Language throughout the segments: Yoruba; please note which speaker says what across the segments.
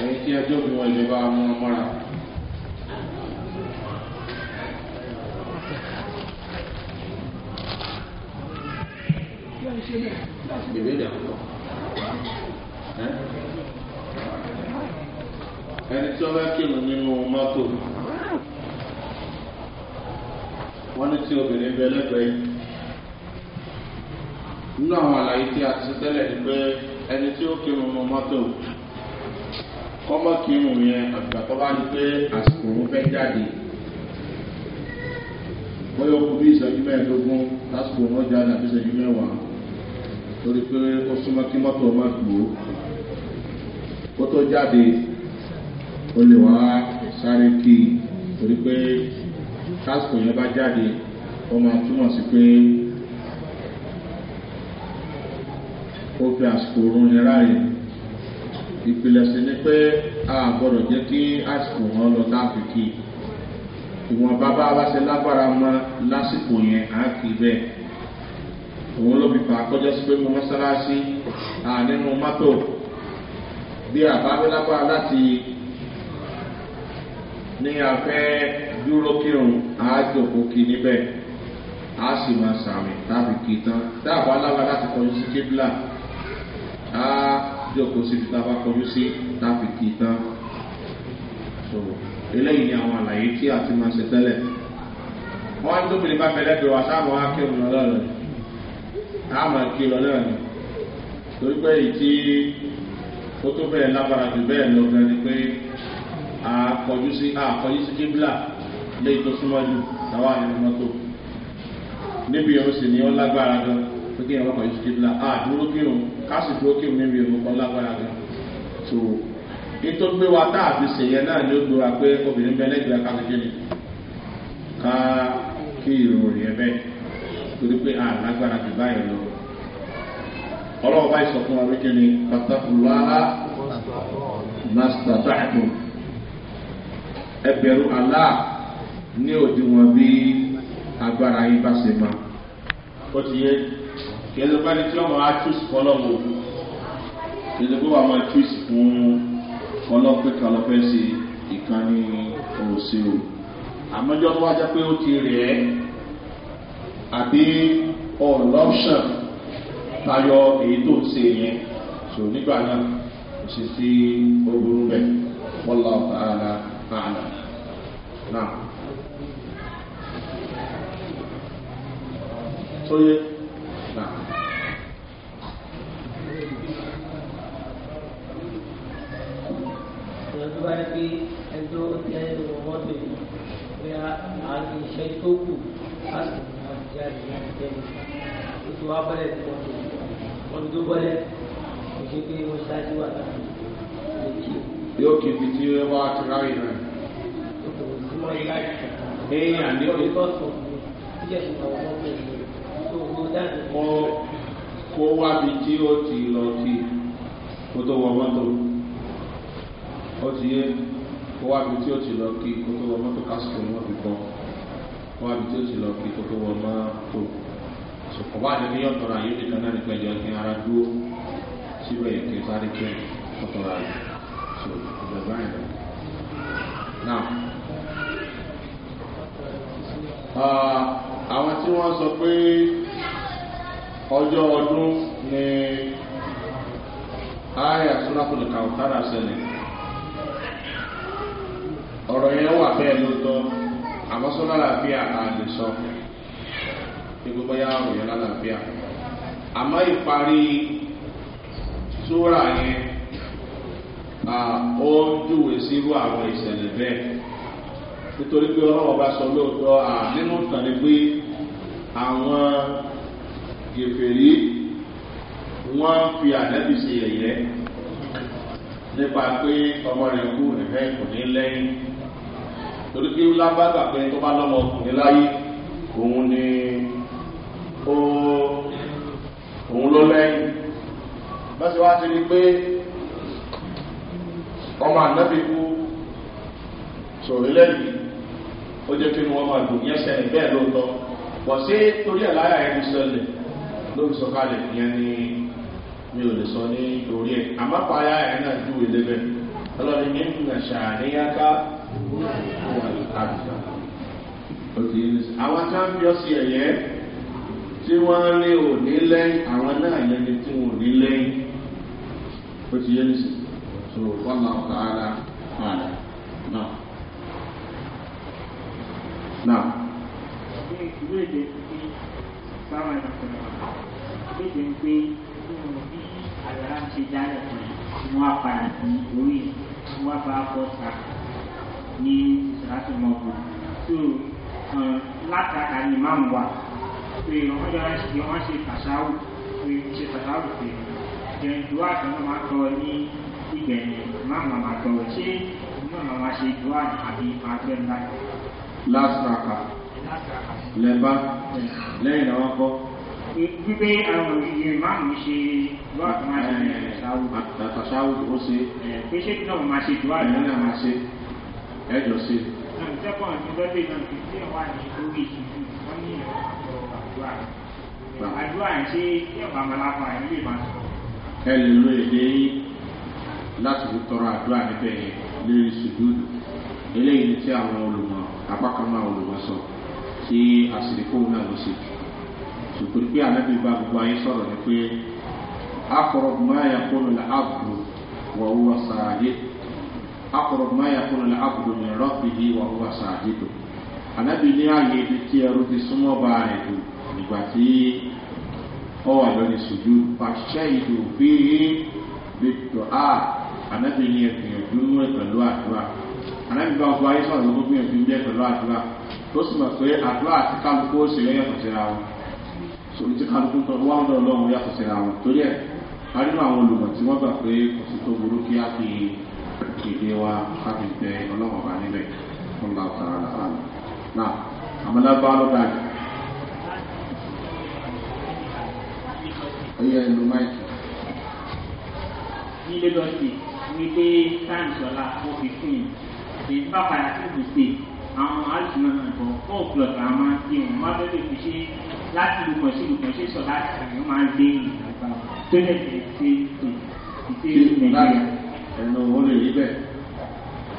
Speaker 1: ẹ̀yìn tí ẹjọ́ bí wọn ìjọba wọn mọ́ra. ìbéèrè àkọ́kọ́ ẹni tí wọ́n bá kírun nínú mọ́tò wọ́n ní tí obìnrin bẹ lẹ́gbẹ̀ẹ́ nínú àwọn àlàyé tí a ti sẹ́lẹ̀ ni pé ẹni tí ó kírun nínú mọ́tò kọ́mọ́ kírun yẹn àgbà tó bá ń pé àsìkò òun fẹ́ jáde wọ́n yóò kú bí ìṣẹ́jú mẹ́ẹ̀ẹ́dógún lásìkò òun jáde àbí ìṣẹ́jú mẹ́wàá torí pé ó súnmọ́ kí mọ́tò má gbòó kó tó jáde ó lè wá sáré kí i torí pé lásìkò yẹn bá jáde ó máa túmọ̀ sí pé ó fi àsìkò òun yẹn ráàyè ìpìlẹ̀sìn ni pé a gbọ́dọ̀ jẹ́ kí àsìkò wọn lọ táàfì kí ìwọ̀n bàbá wa ṣe lágbára mọ́ lásìkò yẹn á kì í bẹ́ẹ̀ òun ló fi fà kọjá sí pé mo mọ́sálásí nínú mọ́tò bí àbábẹ́lágbára láti ní afẹ́ dúró kírun á jòkó kí níbẹ̀ á sì máa sàmì táàfì kí tán dáàbò alágbára láti kọjú sí kébìlà jókòó síbi tá a bá kọjú sí láti kì í tán so eléyìí ni àwọn àlàyé tí a ti máa ṣe tẹ́lẹ̀ wọ́n á tóbi nípa fẹ́lẹ́dọ̀ wa sáà máa kí ọ̀nà lọ́rọ̀ á máa kí lọ náà ni torí pé èyí tí ó tó bẹ́ẹ̀ lábára jù bẹ́ẹ̀ lọ gan ni pé àkọjú sí àkọjú sí kíbla léyìí tó súnmọ́ jù táwa nínú mọ́tò níbi ìrọsìn ni ó lágbára gan-an pé kí ẹ̀rọ kan yóò ṣe bila a dúró kírun káàsì dúró kírun níbi ìrún kan lágbára gan so ètò gbé wa tá a fi ṣèyẹ náà ni ó gbé wa pé obìnrin bẹ lẹ́gbẹ̀ẹ́ ká kékeré ni ká kí ìrún rẹ̀ bẹ́ẹ̀ torí pé a lágbára jù báyìí lọ ọlọ́wọ́ báyìí sọ fún wa wíkẹ́ ni pátákùlára mastataato ẹbẹ̀rún aláà ní òdiwọ̀n bí agbára yín bá ṣe máa ó ti yé kìí pẹ́ni tí ọmọ á túùsì fún ọlọ́run òdu kìí pé wàá máa túùsì fún ọlọ́run pé kan lọ fẹ́ ṣe ìkànnì òsè o àmọ́jọ́ tó wá jẹ́ pé ó ti rẹ̀ ẹ́ àbí ọ̀lọ́ṣàn tayọ èyí tó ń ṣe yẹn so nígbà náà kò sì sí ogun bẹ́ẹ̀ wọ́n lọ́ọ́ ààlà ààlà náà. sóyè náà. ìrọ̀lú bá yẹ pé ẹjọ́
Speaker 2: jẹ́ ìrọ̀mọ́tò yìí pé àwọn iṣẹ́ tó kù láti máa jẹ́ àdìyẹ àjẹmí ó ti wá bọ́lẹ̀ tí wọ́n ti wọ́n ti tó bọ́lẹ̀ kò ṣe pé wọ́n ṣáájú wà láti lè kí o.
Speaker 1: yóò kí ibi tí ẹ kó kó wábi tí ó ti lọ kí kó tó wọ mọ́tò ó ti yé kó wábi tí ó ti lọ kí kó tó wọ mọ́tò kásìkò ni wọ́n fi kọ́ kó wábi tí ó ti lọ kí kó tó wọ mọ́tò sọ̀kọ̀ bá ní yọ̀ tọ́ra yóò nìkan náà nípa ìjọ kí ara dúró síbẹ̀ yẹn kí sáré kí ọ̀tọ̀ra rẹ̀ so ìjọ báyìí lọ. Now, ah, àwọn tí wọ́n sọ pé. ọjọ́ ọdún ni ayé àtúnákùnrin kàwùtárà sẹlẹ̀ ọ̀rọ̀ yẹn wà bẹ́ẹ̀ lóòótọ́ àmọ́sọ́ lálàáfíà àlè sọ ní gbogbo yá ọ̀rọ̀ yẹn lálàáfíà àmọ́ ìparí súra yẹn ó ń júwe sírú àwọn ìṣẹ̀lẹ̀ bẹ́ẹ̀ nítorí pé ọlọ́wọ́ bá sọ lóòótọ́ gèfèrí wọ́n fi ànábì ṣe yẹ̀yẹ́ nípa pé ọmọ rẹ̀ kú nìfẹ́ kò ní lẹ́yìn torí pé lábàgbà pé tó bá lọ́mọ ọkùnrin láyé òun ni ó òun ló lẹ́yìn bá ṣe wá ti rí pé ọmọ ànábì kú sọ̀rọ̀ lẹ́yìn ó jẹ́ kí wọ́n máa dùn yẹ́sẹ̀ bẹ́ẹ̀ lóòótọ́ wọ́n sí torí ẹ̀ láyà ẹni sẹ́lẹ̀ ló fi sọ kalẹ̀ ìyẹn ni mi ò lè sọ ní orí ẹ̀ àmọ́páyà ẹ̀ náà ju ìdè bẹ́ẹ̀ ọlọ́ni ní ìgbìmọ̀ ṣàníyàká àwọn tá ń bí ọsẹ ẹ̀yẹ tí wọ́n ní òní lẹ́yìn àwọn náà yẹn ni tí wọ́n ní lẹ́yìn ó ti yé ní sè so wọ́n máa kọ́ ara padà náà. náà báwọn ẹ̀rọ kò mọ̀ léde ń pé nínú bí àlàrà ń ṣe dálẹ̀ fún ẹ̀ tí wọ́n á padà sí orí tí wọ́n á bá bọ́ sa ní ìṣàlátò mọ́gbọ́n tó látàkà ní máa ń wà pé wọ́n yọ ẹ́ wọ́n ṣe kàṣáwù pé ṣe kàṣáwù pé ìjẹ̀ǹdùá àtọ́nà máa tọ́ ní ìgbẹ̀yìn máa màmá tọ̀ ṣé máa màmá ṣe dùá àbí máa tẹ̀ ńlá. last tracker lẹ́bá lẹ́yìn àwọn kọ́. gbígbé àwọn òṣìṣẹ́ máa ń ṣe wá máa ṣe àtàṣáwù ó ṣe. pé ṣé náà máa ṣe ìdúrà rẹ̀ náà máa ṣe ẹjọ́ ṣe. sẹ́kọ̀n ní lọ́dẹ̀ náà kì í ṣe wà ní orí ìṣubú wọ́n ní ọ̀rọ̀ àdúrà. àdúrà ṣe kí ọ̀bà malapa ẹ̀ lè máa sọ. ẹ lè lo èdè láti fi tọrọ àdúrà níbẹ̀ yẹn lórí ṣùgbọ́n eléyìí tí àwọn olùmọ̀ apá kan náà olùmọ̀ sọ. So tí àṣírí fóun náà ló ṣe ṣùgbọ́n pé ànábì bá gbogbo ayé sọ̀rọ̀ ni pé akọrọ̀bù máa yà kúrò lẹ́ àbùdù wà wúwa sàáyé akọrọ̀bù máa yà kúrò lẹ́ àbùdù ní rọ́bìlì wà wúwa sàáyé tó ànábì ní ààyè ibi tí ẹrú ti súnmọ́ bá rẹ̀ jù nígbà tí ọ wà lórí ṣojú pàṣẹ ìdò fi lè a ànábì ní ẹgbìyànjú pẹ̀lú àdúrà ànábì bá gbogbo ayé sọ̀rọ̀ gbogbo ẹgbìyànjú pẹ̀lú àdúrà tó sì mọ̀ pé àdúrà àti kálukú ó sì lẹ́yìn ẹ̀kọ́ síra wọn sòrí tí kálukú tó wà lọ́dọ̀ ọlọ́run yàtọ̀ síra wọn torí ẹ̀ a nínú àwọn olùmọ̀ tí wọ́n gbà pé kò sí tó burú kí á fi èdè wa ká fi bẹ ọlọ́run ọba níbẹ̀ fún la ọ̀tá ara rà náà àmọ́lá bá lọ́dà jù. ẹ̀yẹ ìlú máìkì. nílé lọ wípé sáǹsì ọ̀la ó fi fún yìí èyí bá padà sí ìbùsè àwọn àjùmọ̀ nǹkan fún òpùlọ̀tọ̀ àwọn ìwọ̀n má lórí fi ṣe láti lùkọ̀ sí lùkọ̀ ṣe sọ láti àwọn máa ń gbé ìgbà tó lè tẹ̀ ṣe ìṣe nàìjíríà. ẹnu owó lè rí bẹ́ẹ̀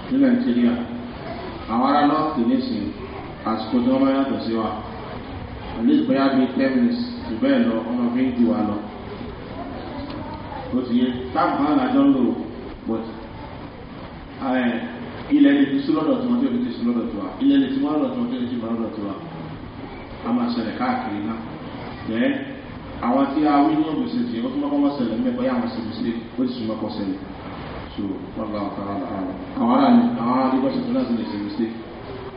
Speaker 1: ní nàìjíríà àwọn ará nọ́ọ̀tì nìsín àsìkò tí wọ́n máa yàtọ̀ sí wa àlẹ́ ìpẹ́yà bíi ten minutes jù lọ ọmọ fi ń ju wa lọ ó ti yẹ táàbù náà lájọ́ ń lò pọ̀ ilẹ̀ lè ti súlọ́dọ̀ tí wọ́n tó lè ti súlọ́dọ̀ tó wa ilẹ̀ lè ti mọ́lọ́dọ̀ tí wọ́n tó lè ti mọ́lọ́dọ̀ tó wa a máa ṣẹlẹ̀ káàkiri náà ẹ̀ àwọn tí a wí ní òbòsè tí ó tún mọ́kọ́ wọ́n ṣẹlẹ̀ mẹ́kọ́ yá àwọn ṣẹlẹ̀ ó ti súnmọ́ kọ́ ṣẹlẹ̀ so wọ́lá ọ̀tá àwọn aláàbọ̀ṣẹ̀ tó láti lè ṣe mí sí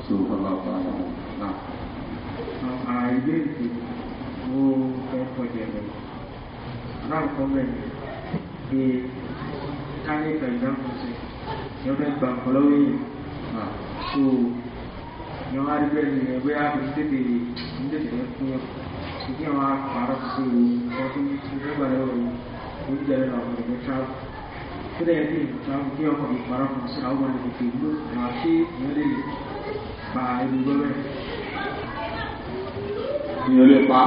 Speaker 1: so wọ́lá ọ̀tá àwọn náà. àìgbé ètò mo fẹ́ kọjá lọ láǹkọ́ mẹ́rin pé ká ní for example yẹn fẹ́ gba nǹkan lọ́wọ́ èèyàn ah, so yẹn wá rí bẹ́ẹ̀ ni ẹgbẹ́ àbẹ̀tẹ̀tẹ̀ nídẹ̀tẹ̀ fún yẹn kò kí àwọn àpárọ̀ sí o wọ́n tún fẹ́ gbà lọ́wọ́ o ní ìjẹ́rẹ́ àwọn ẹ̀mẹ́ travel tó dẹ̀ ní travel kí ọkọ̀ ìpárọ̀ kan sí àwọn ọmọ ìpè ìlú àwọn ṣé ìyẹn lè pa ẹni gbọ́mẹ̀. ìyẹn lè pa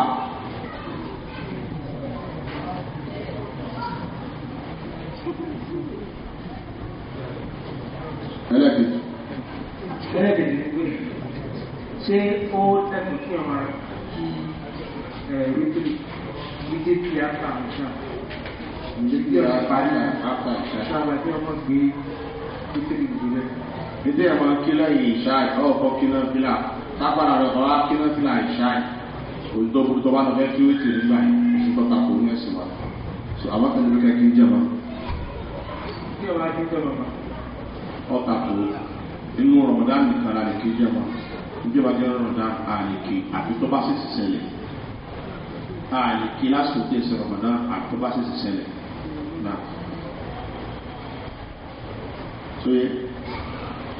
Speaker 2: ẹlẹ́dẹ̀ẹ́dẹ́ ni pé ṣé ó tẹ̀kùn kí ọmọ rẹ̀ kí wípé wípé kí á pa àwọn ìṣàn wípé kí á pa ìṣàn
Speaker 1: ṣáà kí ọmọ gbé wípé ìgbìlẹ̀. Nítorí àwọn akílọ̀ yìí ṣáà ọ̀pọ̀ kílọ̀ fílà tábàrà rẹ̀ ọ̀rá kílọ̀ fílà ìṣáà olùdókòwò tó bá lọ fẹ́ kí ó ti nígbà yìí oṣù tọ́ta kò ní ẹ̀sìn wa so àwọn kan ní kẹ́kẹ́ ń Kí ń jẹ́ wọn? inú rọmọdán nìkan la lè ké jẹba ìjọba jẹ rọmọdán àlèké àfi tó bá sì sì sẹlẹ àlèké lásìkò tó ṣe rọmọdán àfi tó bá sì sì sẹlẹ náà tó yẹ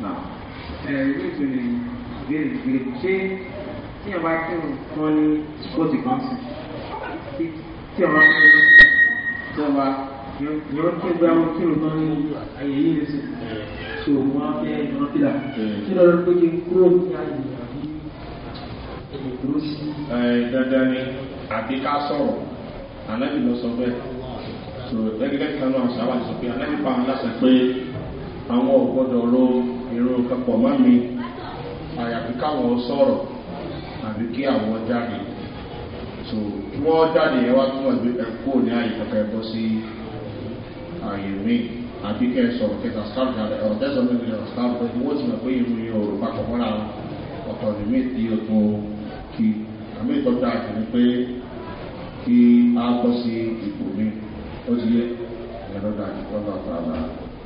Speaker 1: náà. ẹ ẹ ní ìpele ìbéèrè ìbéèrè ṣé tí ẹ bá kírun tán ní bóòtù kan sí tí ẹ bá kírun tí ẹ bá yọ kí ẹ bá kírun tán ní ayẹyẹ yìí lè so mo máa fẹ́ yan fìlà mm. kí lọ́dọ̀ pé kí n kúrò ní àyè àbí èyí dúró sí. dandan ni àbí ká sọ̀rọ̀ ànábì lọ sọ bẹ́ẹ̀ sọ̀rọ̀ gẹ́gẹ́ kanú àwọn sábà sọ pé ànábì pa àwọn aláṣẹ pé àwọn ò gbọ́dọ̀ irun papọ̀ mọ́ mi àyàfi káwọn sọ̀rọ̀ àbí kí àwọn jáde so kí wọ́n jáde ẹ wá tún ẹ̀kú ní àyè kankan ẹ̀kọ́ sí àyè míì àbí kẹ́ sọ̀rọ̀ kẹta skáàpù àbẹ ọ̀rọ̀ tẹ́sán mi lè skáàpù pé wọ́n ti mọ̀ pé ìlú yẹn òrò papọ̀ mọ́ra ọ̀tọ̀ ní mí ti ètò kí àmì ìtọ́jú àti ní pé kí a bọ́ sí ipò mi ó ti yẹ ẹ̀rọ dàbí ọ̀nà àtàlà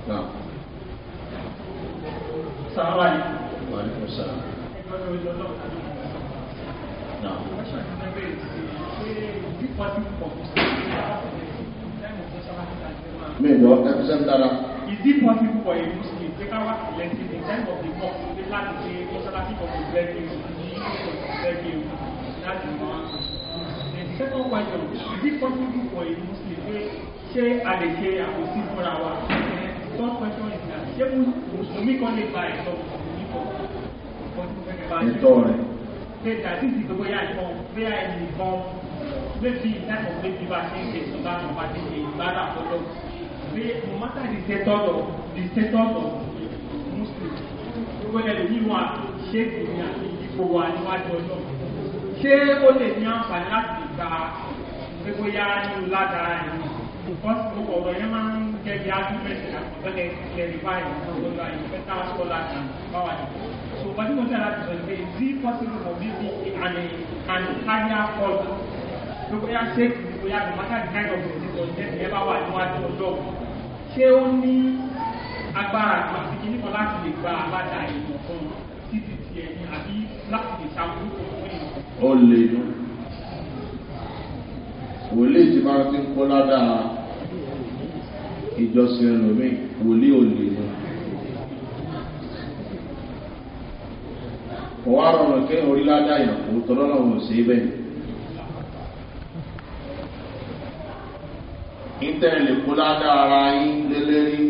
Speaker 1: náà. sàmà ni. wà á ní kò sáà.
Speaker 2: ẹgbẹ́ mi ò lọ́dọ̀ kájú mọ́. náà. wọ́n ṣàkíyèsí
Speaker 1: pé bí wọ́n ti pọ̀ sí i mi ìjọ is it possible for a muslim to take out elective in time of the court to dey plan to dey mọ́ṣáláṣí for the birthday the issue of the birthday that's the one question. the second question is it possible for a muslim to ṣe àlèṣe àkòsí fúnra wa third question is that ṣé mùsùlùmí kan lè gba ẹ̀tọ́ mùsùlùmí kan ẹ̀tọ́ rẹ̀. ṣe dàbí ìdìbò yá ìfọ̀n bóyá ẹnì kan méjì náà kò méjì bá ṣe ń ṣe ìṣọ̀bá àwọn bá ṣe ń ṣe ìbára àkọ́jọ́ say no matter the status of
Speaker 2: the status of muslim gbogbo ẹlẹ́dẹ̀ yìí wọn ṣé kò ní ìdìbò wa níwájú ọjọ́
Speaker 1: ṣé ó lè ní àǹfààní láti gba gbogbo ya ní ládàá ẹ̀ because gbogbo ọ̀rọ̀ yẹn máa ń jẹ́ bí argument àkọsílẹ̀ clarify ìfọwọ́lá ìfẹ́ta sọ́lá and power so wọ́n ti mọ̀ sí aláàbò sọ pé is it possible for me to be an an higher call gbogbo ya ṣé kò ní gbogbo ya no matter the kind of disease or death ẹ bá wà níwájú ọjọ́ ṣé ó ní agbára àti kíníkan láti lè gba aláda ìmọ̀ kan títí ti ẹni àbí láti lè ṣàkóso fún ìmọ̀. ó lè nù wòlíì tí máa ti ń kó ládàá ìjọsìn ẹlòmíì wòlíì ò lè nù. kò wá rọrùn kéèyàn orí ládàá ìyàwó tọ́lọ́nà sí bẹ́ẹ̀. ìtẹ́ lè ara yín lélẹ́rí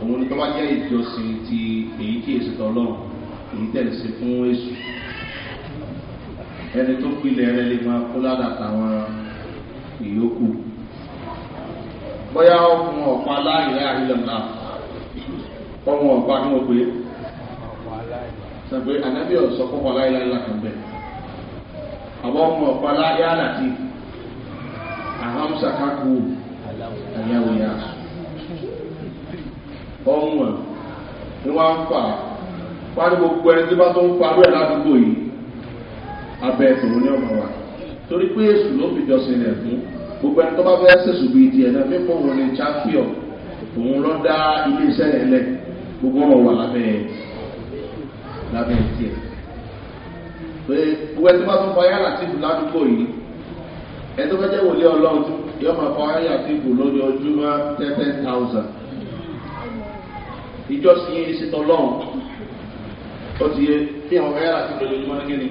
Speaker 1: òun ni tó jẹ́ ìjọsìn ti èyí kí èsì tọ́lọ́run èyí tẹ̀lé sí fún èsù ẹni tó pilẹ̀ rẹ lè máa kó ládà táwọn ìyókù bóyá ọkùnrin ọ̀pá láìrẹ́ àrílọ́nà ọmọ ọ̀pá ní wọ́n pé sàgbé ànábì ọ̀sọ́ kọ́kọ́ láìláì lákàn bẹ̀ àwọn and here we are. ọmọ ni wọ́n á ń fà wọ́n á ní gbogbo ẹni tí bá tó ń parọ́ ẹ̀ ládùúgbò yìí abẹ́ ìṣòro ní ọmọ wa torí pé èṣù ló fi jọsìn rẹ̀ fún gbogbo ẹni tó bá fẹ́ ṣèṣù bíi tiẹ̀ náà fífọ́ wọn ni champion òun lọ dá ilé iṣẹ́ rẹ̀ lẹ̀ gbogbo ọmọ wa lábẹ́ lábẹ́ tiẹ̀ pé gbogbo ẹni tó bá tó ń fa yàrá tìbù ládùúgbò yìí ẹni tó fẹ́ jẹ́ wòlé ọlọ́run tó yóò máa fọ ayé àtìkù lójoojúmọ́ ten ten thousand ìjọsìn yìí sí tọ́lọ́run ó ti yẹ kí àwọn ayé àtìkù lójoojúmọ́ ní kíni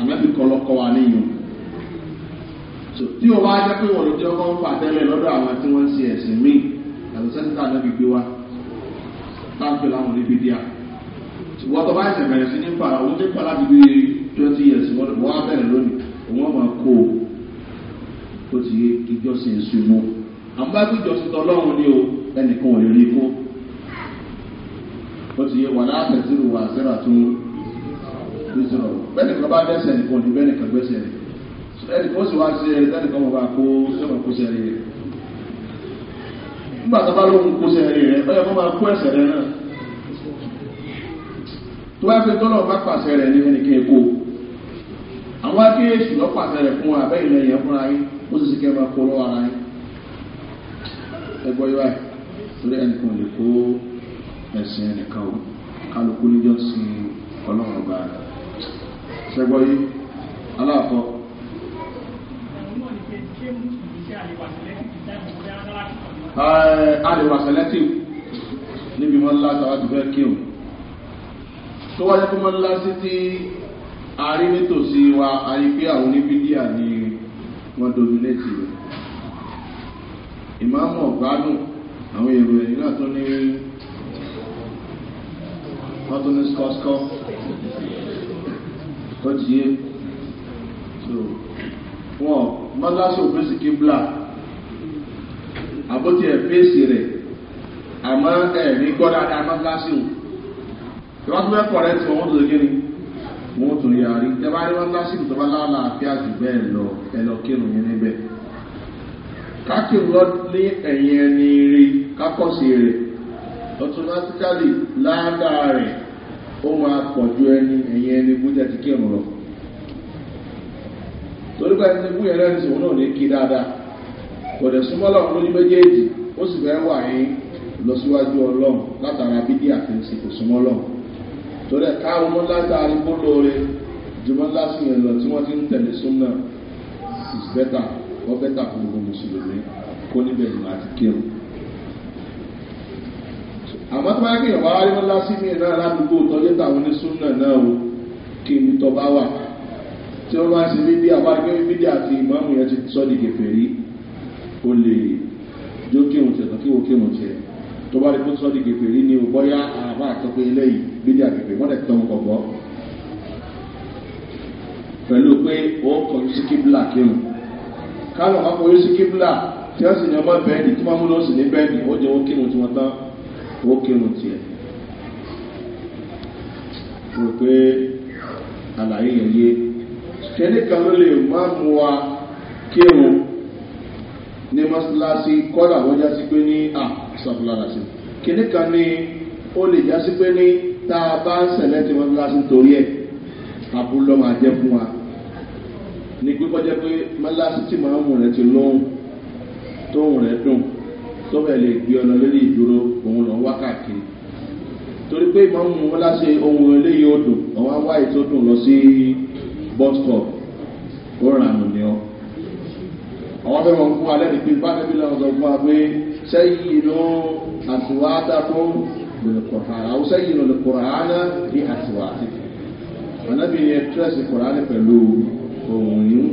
Speaker 1: àmẹ́bí kan lọ́kọ́ wa níyì tí o bá jẹ́ pé wọ́n ló jẹ́ ọkọ̀ ń fà tẹ́lẹ̀ lọ́dọ̀ àwọn tí wọ́n ń ṣe ẹ̀sìn míì àti sẹ́ńtítà náà fi gbé wa táǹpẹ̀ láwọn níbi díà wọ́n tó bá ẹ̀sìn bẹ̀rẹ̀ sí ní fà àwọn onípa láti bí twenty years wọ́n á bẹ̀rẹ̀ lónìí òun ọmọ kó o tó ti ìjọsìn ìṣubú àbábí ìjọsìn tọlọ́run ni o ẹnìkan ò lè rí kó ó ti yẹ wà láàbẹ̀sìrò wà sẹ́rà tó ń sọ̀rọ̀ bẹ́ẹ̀ni kan bá dẹ́sẹ̀ nìkan ní bẹ́ẹ̀ni kan gbẹ́sẹ̀ rẹ̀ ẹnì kan sì wá sí ẹni tẹ́nì kan bá kó sọ̀rọ̀ kó sẹ́rẹ̀ rẹ̀ nígbà tó bá lóhun kó sẹ́rẹ̀ rẹ̀ ọ̀yọ́ kan máa kó ẹ̀sẹ̀ rẹ̀ náà tó bá fi tọ́lọ̀ bá pàṣẹ rẹ̀ ní ẹnì èkó àwọn akéèṣù lọ́pàṣẹ rẹ̀ fún abẹ́ ìlẹ̀ yẹn fúnra yín ó sì sì kẹ́ máa kóró ara yín ẹgbọ́ yíwá lórí ẹnìkan lè kó ẹ̀sìn ẹnìkan o kálukú níjọ́ sí ọlọ́run ọba rẹ̀ ṣẹgbọ́ yí aláàkọ́ àríwá selective níbi mọ́ ńlá tàwà ti fẹ́ kí o tó wáyé kó mọ́ ńlá sí tí a rí nítòsí wa àyíké àwọn oníbídíà ni wọ́n dominate rẹ̀ ìmáàmù ọ̀gbádùn àwọn èrò ẹ̀yìn náà tó ní wọ́n tó ní skọ́skọ́ tó ti yé so wọ́n mọ́láṣí òfin sí kíblà àbótí ẹ̀ fèsì rẹ̀ àmọ́ ẹ̀rí gbọ́dọ̀ àdá mọ́láṣí ò ìwọ́n tó fẹ́ kọ̀rẹ́ tí wọ́n tó gé ni. wọn ò tún rí àárí tẹ́bá rí wọn lásìkò tó bá lálà àfíà jù bẹ́ẹ̀ lọ ẹlọ kírun yín níbẹ̀. kákìrún lọ ní ẹ̀yìn ẹni rí kákọ̀sí rẹ̀ automatically ládàá rẹ̀ ó máa pọ̀ ẹni ẹ̀yìn ẹni ti kírun lọ. torí pé ẹni búyẹ̀ rẹ̀ ní sòwò náà ní kí dáadáa kò dẹ̀ súnmọ́ lọ́wọ́ méjèèjì ó sì fẹ́ wà ọlọ́run látara bídí kò torí ẹ̀ káwọn mọ́lásá arígbó lóore ju mọ́lásí yẹn lọ tí wọ́n ti ń tẹ̀lé súnmọ́ is better wọ́n bẹ́tà fún gbogbo mùsùlùmí kó níbẹ̀ ìmọ̀ àti kírun. àmọ́ tó máa ń kéèyàn wáá rí mọ́lásí mi náà ládùúgbò tọ́jú táwọn onísúnmọ́ náà o kí n tọ́ bá wà tí wọ́n bá ń ṣe bíbí àbáríkẹ́ bíbí àti ìmọ̀ọ́mù yẹn ti sọ́ di kẹfẹ́ rí o lè jó kírun tiẹ̀ tó kíwò kírun tiẹ̀ tó bá rí kó sọ́ di kẹfẹ́ rí ni o bọ́yá àbá àtọ́pẹ́ eléyìí lédè àgbègbè wọ́n lè tán gbọ̀gbọ́ pẹ̀lú pé ó kọjú sí kíbla kírun káwọn máa kọjú sí kíbla tí wọ́n sì ní ọmọ bẹ́ẹ̀dì tí wọ́n mú lọ́sì ní bẹ́ẹ̀dì ó jẹ́ wọ́n kírun tí wọ́n tán ó kírun tiẹ̀ rò pé àlàyé yẹn yé kẹ́lẹ́ kan ló lè má mú wa kírun ní mọ́sálásí kọ́dà wọ́n já pé ní à sàfúlà làṣẹ kẹ́lẹ́ kan ní ó lè já pé ní tá a bá ń sẹ̀lẹ̀ tí wọ́n lásán torí ẹ̀ abúlọ́ máa jẹ́ fún wa ní pípọ́ jẹ́ pé mọ́láṣí tí màá mú rẹ̀ ti lóhùn tóhùn rẹ̀ dùn tọ́wẹ̀ lè gbé ọ̀nà lórí ìdúró òun lọ wá káàkiri torí pé màá mú mọ́láṣí ohun eléyìí ó dùn àwọn awáyé tó dùn lọ sí bus stop ó ràn án ní ọ àwọn fẹ́ wọn fún alẹ́ ní pé lọ́wọ́ sọ fún wa pé sẹ́yìn ló àtúwádá fún بالقرآن أو سيّنوا القرآن بأصواتكم ànábì yẹn tírẹ̀sì kùránì pẹ̀lú ohun yìí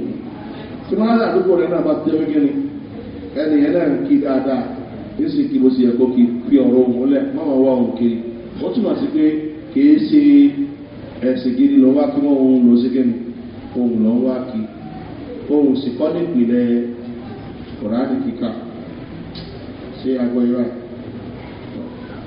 Speaker 1: tí wọ́n á dúpọ̀ rẹ̀ náà bá tẹ́ wí gíní ẹni yẹn náà ń kí dáadáa yìí sì kí bó ṣe yẹ kó kí fi ọ̀rọ̀ òun lẹ̀ má wàá wá òun kiri ó túmọ̀ sí pé kìí ṣe ẹ̀sìn gidi ló wá kí wọ́n òun lọ sí gíní òun lọ́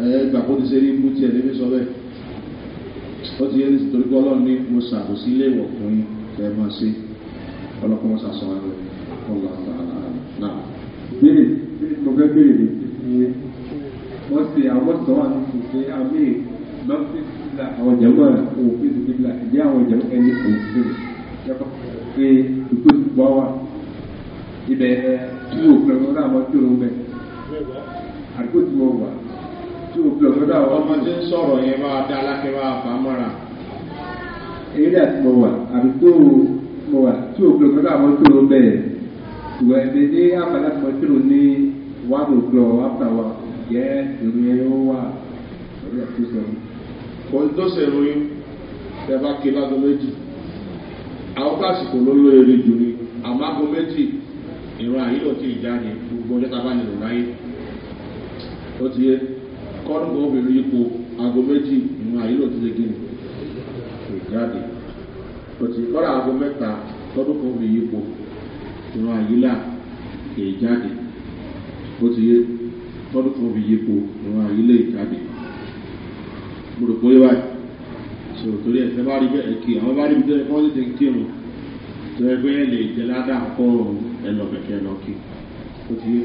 Speaker 1: ẹgbà kó ti ṣe rí ibú tiẹ̀ lébi sọ bẹ́ẹ̀ ó ti yẹ ní torí pé ọlọ́run ní mo ṣàkóso ilé ìwọ̀ fún yín kẹ́ ẹ máa ṣe ọlọ́kọ́ wọn ṣàṣọ ara rẹ̀ ọlọ́ náà. béèrè mo fẹ́ béèrè ní pípé wọ́n ṣe àwọn sọ́wọ́ àti ìṣe àmì lọ́fíìsì bíbélà àwọn jẹ̀mọ́ òfíìsì bíbélà ìjẹ́ àwọn jẹ̀mọ́ ẹni òfíìsì yọkọ̀ pé ìpèsè gbọ́ wà ibẹ̀ tí yóò fẹ́ wọn láwọn tí yóò rọ̀ bẹ́ẹ̀ àdúgbò tí wọ́n wà tí o fi ọ̀dọ́dọ̀ àwọn ọmọ tí ń sọ̀rọ̀ yẹn bá dá alákẹ́ bá fà á mọ́ra. eré àti mo wà àbí tó mo wà tí o fi ọ̀dọ́dọ̀ àwọn tó ń bẹ̀rẹ̀ ìwà ẹ̀dẹ̀ ní àbálá tí mo tí o ní one o'clock after one jẹ́ ìròyìn ó wà lórí àtúnṣe mi. òun tó ṣe ìròyìn tẹ bá ké lágọ méjì àwọn kásìkò ló lóore jù ni àmọ́ àgọ méjì ìran àyè ò tí ì jáde gbogbo ọjọ́ tá a bá nílò láyé ó ti yé kọ́nùkọ́ obìnrin ipò aago méjì ìmọ̀ àyílò ti ṣe gíní ìjáde òtí kọ́ra aago mẹ́ta tọ́dún kan obìnrin ipò ìmọ̀ àyílà ìjáde òtí yé tọ́dún kan obìnrin ipò ìmọ̀ àyílà ìjáde mo rò pé báyìí sọ̀rọ̀ torí ẹ̀ fẹ́ bá rí bẹ́ẹ̀ kí àwọn bá rí bí tẹ́lẹ̀ fọ́n sì ti ń kírun tó ẹgbẹ́ lè jẹ́ ládàá kọ́ ẹ̀lọ́kẹ̀kẹ̀ lọ́kì òtí yé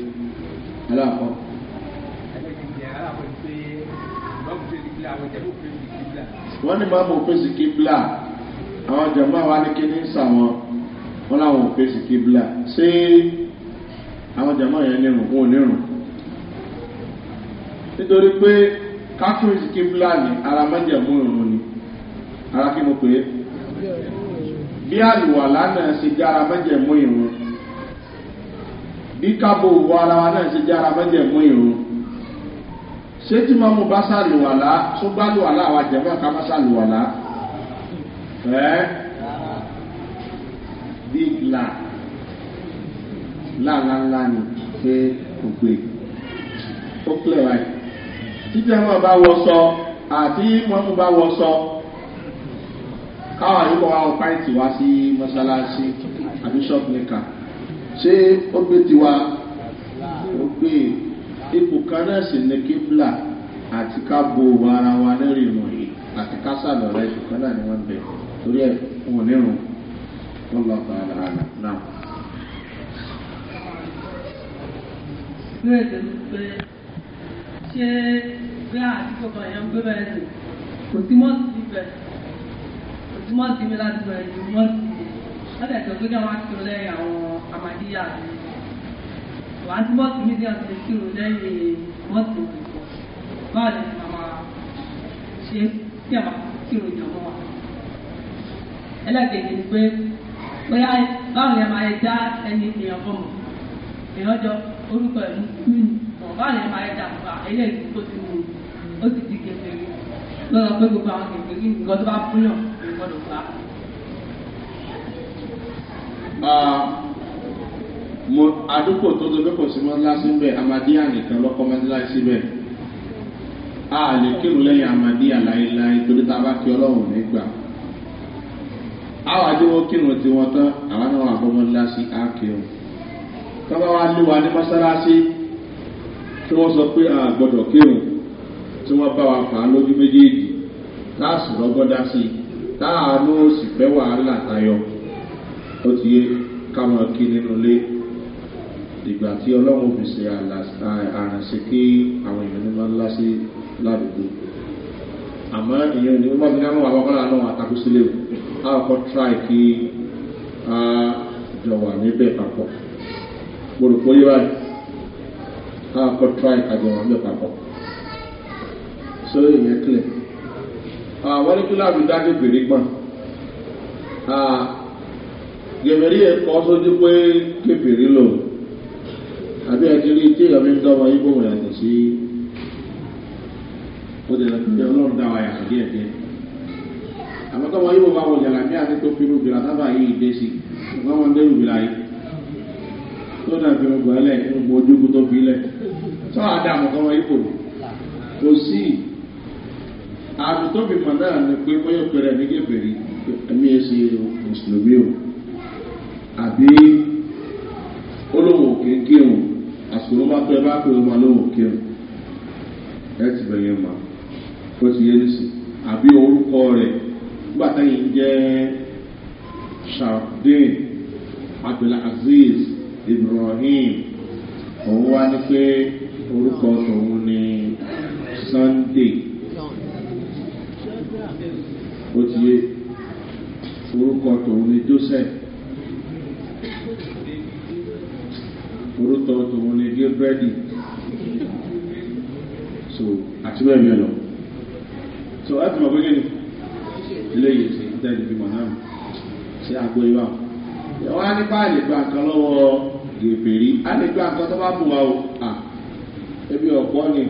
Speaker 1: wọ́n ní máa mú òpèsè kíbla àwọn jàmbá wa ní kíní sà wọn wọ́n láwọn òpèsè kíbla ṣé àwọn jàmbá yẹn nírun wọn ò nírun nítorí pé káfíńsì kíbla ní ara májàmú ìrún ni ara kí mo pè é bí àlùwàlá náà ṣe jẹ́ ara májàmú ìrún bí kábò wọ ara wa náà ṣe jẹ́ ara májàmú ìrún ṣé tí mọ́mú bá sàlùwàlá tó bá lùwàlá àwọn àjẹmọ́ ká bá sàlùwàlá ẹ́ big la láàlá ni pé kò gbé ó pè wáyé títí ẹ̀ máa bá wọ sọ àti mọ́mú bá wọ sọ káwọn àyùkọ wa ọ̀pá ìtì wá sí mọ́ṣáláṣí àbí ṣọ́ọ̀bù nìkan ṣé ó gbé tiwa ó gbé e ipò kan náà sì ní kíbla àti ká bo òwò ara wa lórí ìrùn yìí àti ká sàlọ̀ rẹ̀ ipò kan náà ni wọ́n bẹ̀ torí ẹ̀ wọn nírun wọn lọ bá ara rẹ̀ náà.
Speaker 2: bẹ́ẹ̀ ló ń pẹ́ ṣé bí àtìkọ́kọ̀ yẹn ń gbé bẹ́ẹ̀ lò kò sí mọ́ọ̀sì síbẹ̀ kò sí mọ́ọ̀sì mi láti bẹ̀rẹ̀ ju mọ́ọ̀sì mi lọ́dẹ̀ tó gbé náà wá àwọn àmàdíyà mi wàá tí bọ́ọ̀sì mi díẹ̀ ṣe kí o lẹ́yìn bọ́ọ̀sì ìpò báwo lè fi máa ṣe tí a máa kí o ìjọba wa. ẹlẹ́gẹ̀dẹ̀ ni pé bóyá báwo lè máa dá ẹni èèyàn fọ́ mọ̀ èèyàn jọ orúkọ ẹ̀ mú mọ̀ báwo lè máa dá àgbà eléyìí tó ti mú ó sì di kékeré lọ́nà pé gbogbo àwọn kékeré nǹkan tó bá fún yàn kò gbọ́dọ̀ gbà
Speaker 1: mo àdúgbò tó tó pépò sí mọ́tíláṣí bẹ́ẹ̀ amadíyà nìkan lọ́kọ́ mọ́tíláṣí bẹ́ẹ̀ a lè kírun lẹ́yìn amadíyà láéláé torí tá a bá kí ọlọ́run nígbà àwọn àdéhùn kírun tiwọn tán àwọn náà wà bọ́ mọ́tíláṣí á kírun tọ́ba wa lé wa ní mọ́sálásí tí wọ́n sọ pé a gbọ́dọ̀ kírun tí wọ́n bá wa fà á lójú méjèèjì láàsì lọ́gọ́dá sí i táàánú sì fẹ́ wàhálà tayọ ó ti yé káwọn kí nínú ilé ìgbà tí ọlọ́run fi ṣe àrànṣe kí àwọn èèyàn ní máa ń lásí ládùúgbò àmọ́ ìyẹn ni wọ́n fi dáhùn àwọn ọkọ̀lá náà àtàkùsílẹ̀ o àkọ́kọ́ try kí a jọ wà níbẹ̀ papọ̀ gbòdòpó yíwá àkọ́kọ́ try ká jọ wà níbẹ̀ papọ̀ so ìyẹn clear àwọn ní kíláàbù dájú bèrè gbọ́n gèmẹ̀rí ẹ̀kọ́ sójú pé kébèrè lòun àbí ẹni rí tí ìlọ́mí ń dọ́wọ́ yín bóun yàtọ̀ sí ó dẹ̀ lọ sí ọlọ́run dá wa yàtọ̀ díẹ̀ díẹ̀ àmọ́ tọ́wọ́ yín bó bá wọ jàrá bí àti tó fi irú bìlà sábà yìí dé sí ọ̀gá wọn dé irú bìlà yìí tó dàbí kò sí àmì tó fi ni pé bóyá pẹ̀rẹ̀ ní gẹ̀bẹ̀rẹ̀ ẹ̀mí ẹ̀ ṣe mùsùlùmí o àbí olóhùn òkè ń àsìkò bá pẹ́ bá pẹ́ ọmọ lọ́wọ́ kí ẹ ẹ ti bẹ̀rẹ̀ mà ó ti yé ní sí àbí orúkọ rẹ̀ nígbà táyìn jẹ́ sardin abdulaziz ibrahim òun wá ní pé orúkọ tòun ni sunday ó ti yé orúkọ tòun ni joseph. tọrọ tòun lè gé búrẹ́dì so àti bẹ́ẹ̀ bẹ́ẹ̀ lọ so láti mọ̀ pé kí ni eléyìí ṣe tẹ́lẹ̀ bímọ náà ṣe àgbo ìwà ìwà nípa lọ́wọ́ gèbèrè tó bá bù wá o à ebi ọ̀pọ̀ ni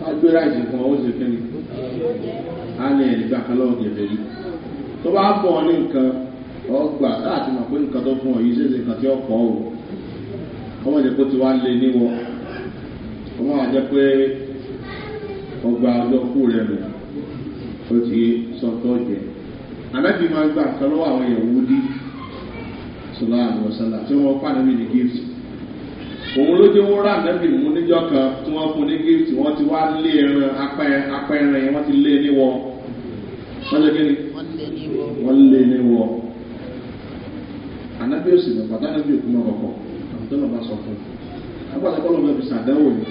Speaker 1: wọ́n gbé láìsí ni alẹ́ lọ́wọ́ gèbèrè tó bá bọ̀ ní nǹkan ọgbà láti mọ̀ pé nǹkan tó fún ọ yìí ṣe é ṣe nǹkan tí o. ọmọ jẹ́ pé tí wàá lé níwọ̀ ọmọ àjẹ́ pé ọgbà ọlọ́kù rẹ̀ lò ó ti sọ̀tọ̀ jẹ́ ànábì máa ń gbà kan lọ́wọ́ àwọn èèyàn wúdí sọlá àwọn sọlá tí wọ́n pa ànábì ní gift òun ló dé wọ́n rà ànábì mú níjọ́ kan tí wọ́n fún ní gift wọ́n ti wá lé ẹran apẹ́ẹ̀rẹ̀ yẹn wọ́n ti lé e níwọ̀ wọ́n lé e kíni wọ́n lé e níwọ̀ ànábì òsì lọ pàtàkì òkú náà tọ́lọ̀ bá sọ fún un agbára kọ́lọ̀ bẹ́ẹ̀ fi sàdánwò ni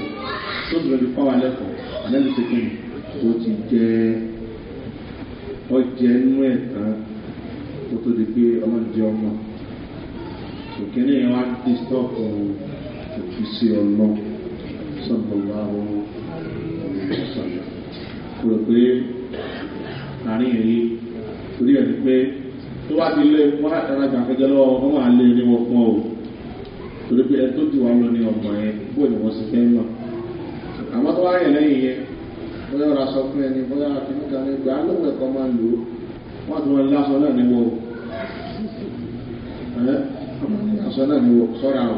Speaker 1: tó bẹ̀rẹ̀ fi pàwọn alẹ́kọ̀ọ́ alẹ́lu ti kí ni ó ti jẹ ọjẹ inú ẹ̀ tán kó tó di pé ọmọ jẹ ọmọ òkèlè yẹn wá disturb òfìsí ọlọ́ sọ̀tọ̀lá àwọn ọ̀sán kò rò pé àárín èyí torí ẹ̀ ni pé tó bá ti lé wọn àtàràjà kẹjọ lọ́wọ́ wọn wà lé ní wọn pọ́n o torí pé ẹni tó ti wà lọ ní ọmọ yẹn bóyá ni wọ́n sì fẹ́ mọ̀ àmọ́ tó wáyé lẹ́yìn yẹn bóyá ọ̀rọ̀ aṣọ fún ẹni bóyá àfinúkà ní gbà á lóun ẹ̀kọ́ máa lò ó wọ́n ti wọn lé aṣọ náà níwọ̀ aṣọ náà níwọ̀ sọ́ra o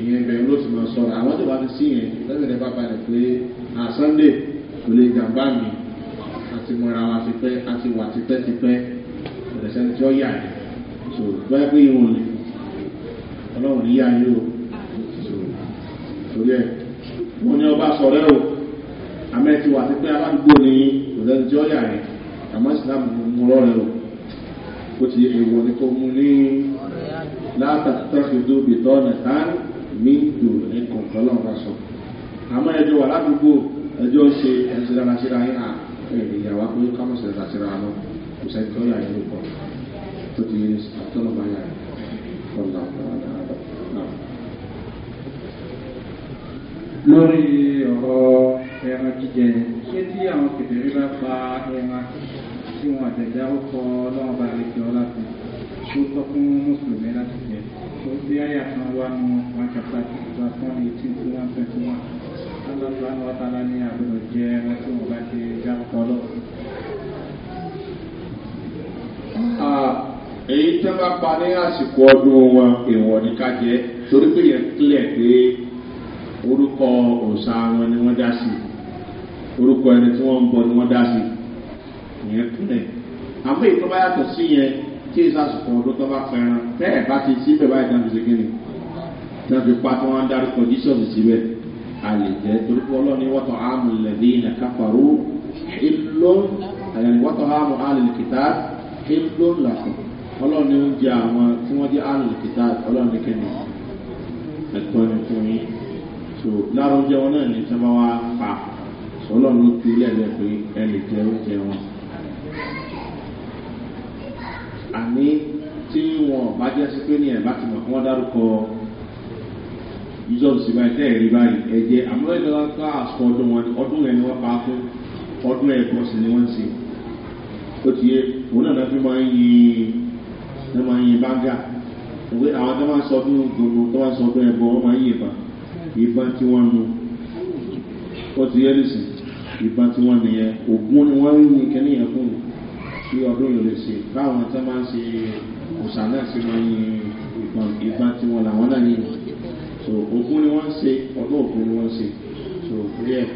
Speaker 1: ìyẹn ibẹ̀ ló ti máa sọ́ra àwọn tó bá ti sí yẹn lẹ́yìn rẹ̀ bá balẹ̀ pé à sunday kò lè gàmbá mi àti mọ̀ra wa ti pẹ́ àti wà ti pẹ́ ti pẹ́ ọ̀dẹ̀sẹ́ni tí ó yà so báyìí pé ìwọ̀n ni ọlọ́run níyà yín o torí ẹ wọn ní ọba sọrẹ o amẹ́tí wà sí pé aládùúgbò ní òlẹ́ni tí ó yà rẹ àmọ́ ìsìlámù mú lọ́rẹ̀ o ó ti èèwọ̀ ní kó mú ní látàtàkìdó bìtọ́ nìkan mí dùn ní kọ̀ǹkan lọ́wọ́ bá sọ àmọ́ ẹjọ́ wà ládùúgbò ẹjọ́ ṣe ẹsẹ̀ dára lórí ọ̀rọ̀ ẹran jíjẹ ṣé tí àwọn kèbèrè bá pa ẹran tí wọn àtẹ̀já ó kọ ọlọ́run bá lè jọ láti tó tọ́ fún mùsùlùmí láti jẹ tó bí àyà kan wà nù wọn kàtà tí wọn fún mi tí tí wọn fẹ́ tí wọn alága wọn tala ní àbúrò jẹ ẹran tí wọn bá ti já ó kọ èyí tẹ́ bá pa ní àsìkò ọdún wọn èèwọ̀ ní ká jẹ́ torí pé yẹn kílẹ̀ pé orúkọ òòsà wọn ni wọ́n dá sí orúkọ ẹni tí wọ́n ń bọ ni wọ́n dá sí ìyẹn kúnlẹ̀ àmọ́ èyí tó bá yàtọ̀ sí yẹn tí èyí sàṣùkọ ọdún tó bá fẹ́ràn tẹ́ẹ̀ bá ti síbẹ̀ báyìí tán fi ṣe kí ni tán fi pa tí wọ́n ń dárúkọ jísọ̀sì síbẹ̀ àlè jẹ́ torí pé wọ́tọ̀ àmì lẹ̀dí ìnà káfàró ìlú àyàn wọ́tọ̀ àmì alìkìtà ìlú làkùn ọlọ́ni oúnjẹ àwọn tí wọ́n jẹ́ alìkìtà ọlọ́ni kẹ́ni ẹ̀tọ́ ni fún yín so lárúnjẹ wọn náà ní sábà wá pa sọlọ́ọ̀ ló fi lẹ́lẹ́ pé ẹ lè jẹ oúnjẹ wọn. àní tí wọn bá jẹ́ sí pé ní ẹ̀ bá ti mọ̀ kí wọ́n dárúkọ jesus báyìí tẹ́ ẹ̀rí báyìí ẹ̀jẹ̀ àmọ́ ẹ̀jẹ̀ wọn ká àsọ ọdún wọn ọdún yẹn ni wọ́n pa fún ọdún ẹ̀kọ́ sí ni wọ́n ń ó ti yẹ òun náà fi máa ń yin máa ń yin báńgà àwọn tó máa ń sọ gbogbo tó máa ń sọ ẹ̀bọ wọ́n máa ń yin ìbọn ìbá tí wọ́n nu ó ti yẹ nísìn ìbá tí wọ́n nìyẹn ògùn ni wọ́n ń yin kẹ́ni yẹn fún mi tí ọdún yìí lè ṣe báwọn tí wọ́n máa ń ṣe òṣà náà sí máa ń yin ìbọn ìbá tí wọ́n làwọn náà yin so ògùn ni wọ́n ń ṣe ọdún ògùn ni wọ́n ń ṣe so orí ẹ̀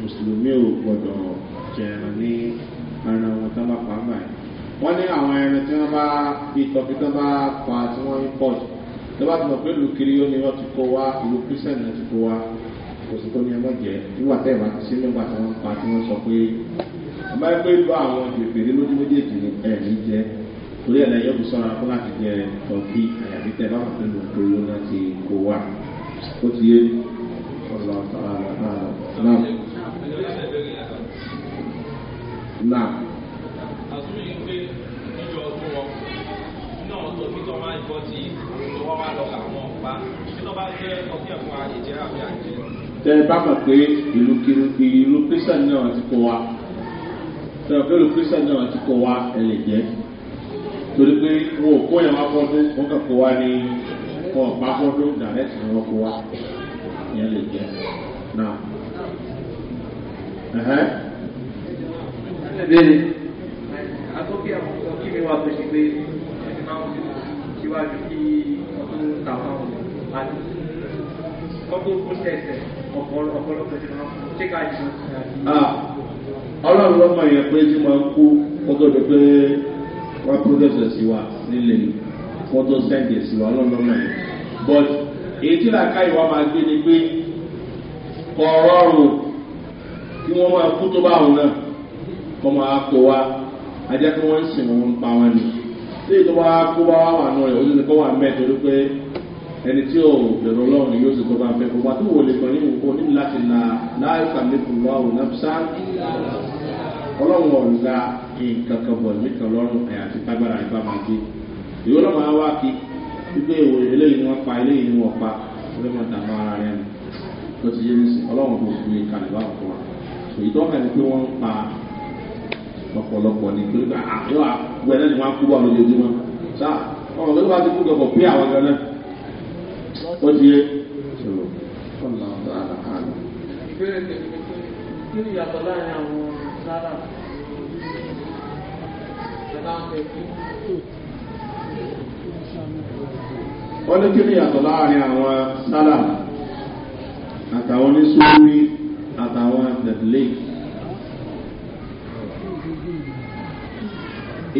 Speaker 1: mùsùlùmí ò gbọ́dọ̀ jẹ̀ràn ní ara wọn tí bá pa á báyìí wọ́n ní àwọn ẹran tí wọ́n bá bí tọ́kítọ́ bá pa tí wọ́n ń pọ̀ jù lọ́ba tó mọ̀ pé ìlú kiri yóò ní wọ́n ti kó wá ìlú christian náà ti kó wá kò sí kó ní ẹmọ jẹ nígbà tẹ́ ìwà ti sí nígbà tí wọ́n pa tí wọ́n sọ pé ọba ẹgbẹ́ ìlú àwọn gbèbèrè lójú méjèèjì ní ẹ̀ ní jẹ torí ẹ̀ lẹ́yìn ọ̀bùsọ̀ ara fún láti jẹ tọ́kí àyàfi tẹ́ bá wà pé ìlú kiri yóò náà ti kó wá tó máa gbọ́ tí wọ́n wá lọ àwọn ọ̀pá tí wọ́n bá jẹ́ ọkẹ́ ẹ̀fọn àjẹjẹ́ àbí àjẹ́. tẹ ẹ bá mọ̀ pé ìlú kiri ìlú kristian náà ti kọ wa tẹ ọ pé ìlú kristian náà ti kọ wa ẹ lè jẹ torí pé wọn ò kó yẹn wá fọdún wọn kàn kó wa ní wọn bá fọdún dàrẹ́tì ni wọn kó wa yẹn lè jẹ náà. Ẹ̀hẹ́. Àtúnkì àwọn ọ̀gbìn mi wà pèsè pé ẹni máa ń fi wá ju kí ọdún ta fáwọn àti ọdún kó tẹ̀sẹ̀ ọ̀pọ̀lọpọ̀ ti máa ń ṣe ká jù. ọlọ́run lọ́mọ yẹn pé tí wọ́n kú kótó di pé wọ́n pírọ́dọ̀sẹ̀ sí wa nílé fọ́tò sẹ́ǹdì sí wa ọlọ́run lọ́mọ yẹn. but èyí tí làákà ìwà máa gbé ni pé kọ̀ ọ̀rọ̀rùn kí wọ́n máa kú tó bá òun náà kọ́ máa kó wa ajá kí wọ́n ń sìn wọn pa wọn nìyí tí ètò wa kó bá wà wà nù rẹ̀ ó sì kó wà mẹ́ torí pé ẹni tí ò bẹ̀rù ọlọ́run ni yóò sì kó bá mẹ́ kó wà tó wò lè kàn ní òkú ní láti na láìka lẹ́kùn wá òun náà sá ọlọ́run ọ̀la nǹkan kan bọ̀ nìkan lọ́rùn ẹ̀ àti tágbára ìbá máa gé ìwé náà máa wá kí wípé ìwé eléyìí ni wọ́n pa eléyìí ni wọ́n pa ló máa dàgbà ara rẹ̀ ló ti yé ní sìn ọlọ́run kò fi kalẹ̀ báwọn fún wa ìtọ́ka ni pé wọ́n ń pa ọ̀pọ̀lọpọ̀ ní pé àjọ àgbẹ̀ náà ni wọ́n á kú bá lójoojúmọ́ sá ọmọ tó bá ti kú gbọ̀gbọ̀ pé àwọn gan náà ó ti yé.
Speaker 2: kí ni ìyàtọ̀ láàrin àwọn sára
Speaker 1: wọ́n ní kí ni ìyàtọ̀ láàrin àwọn sára àtàwọn oníṣòwò àtàwọn tẹ̀lé.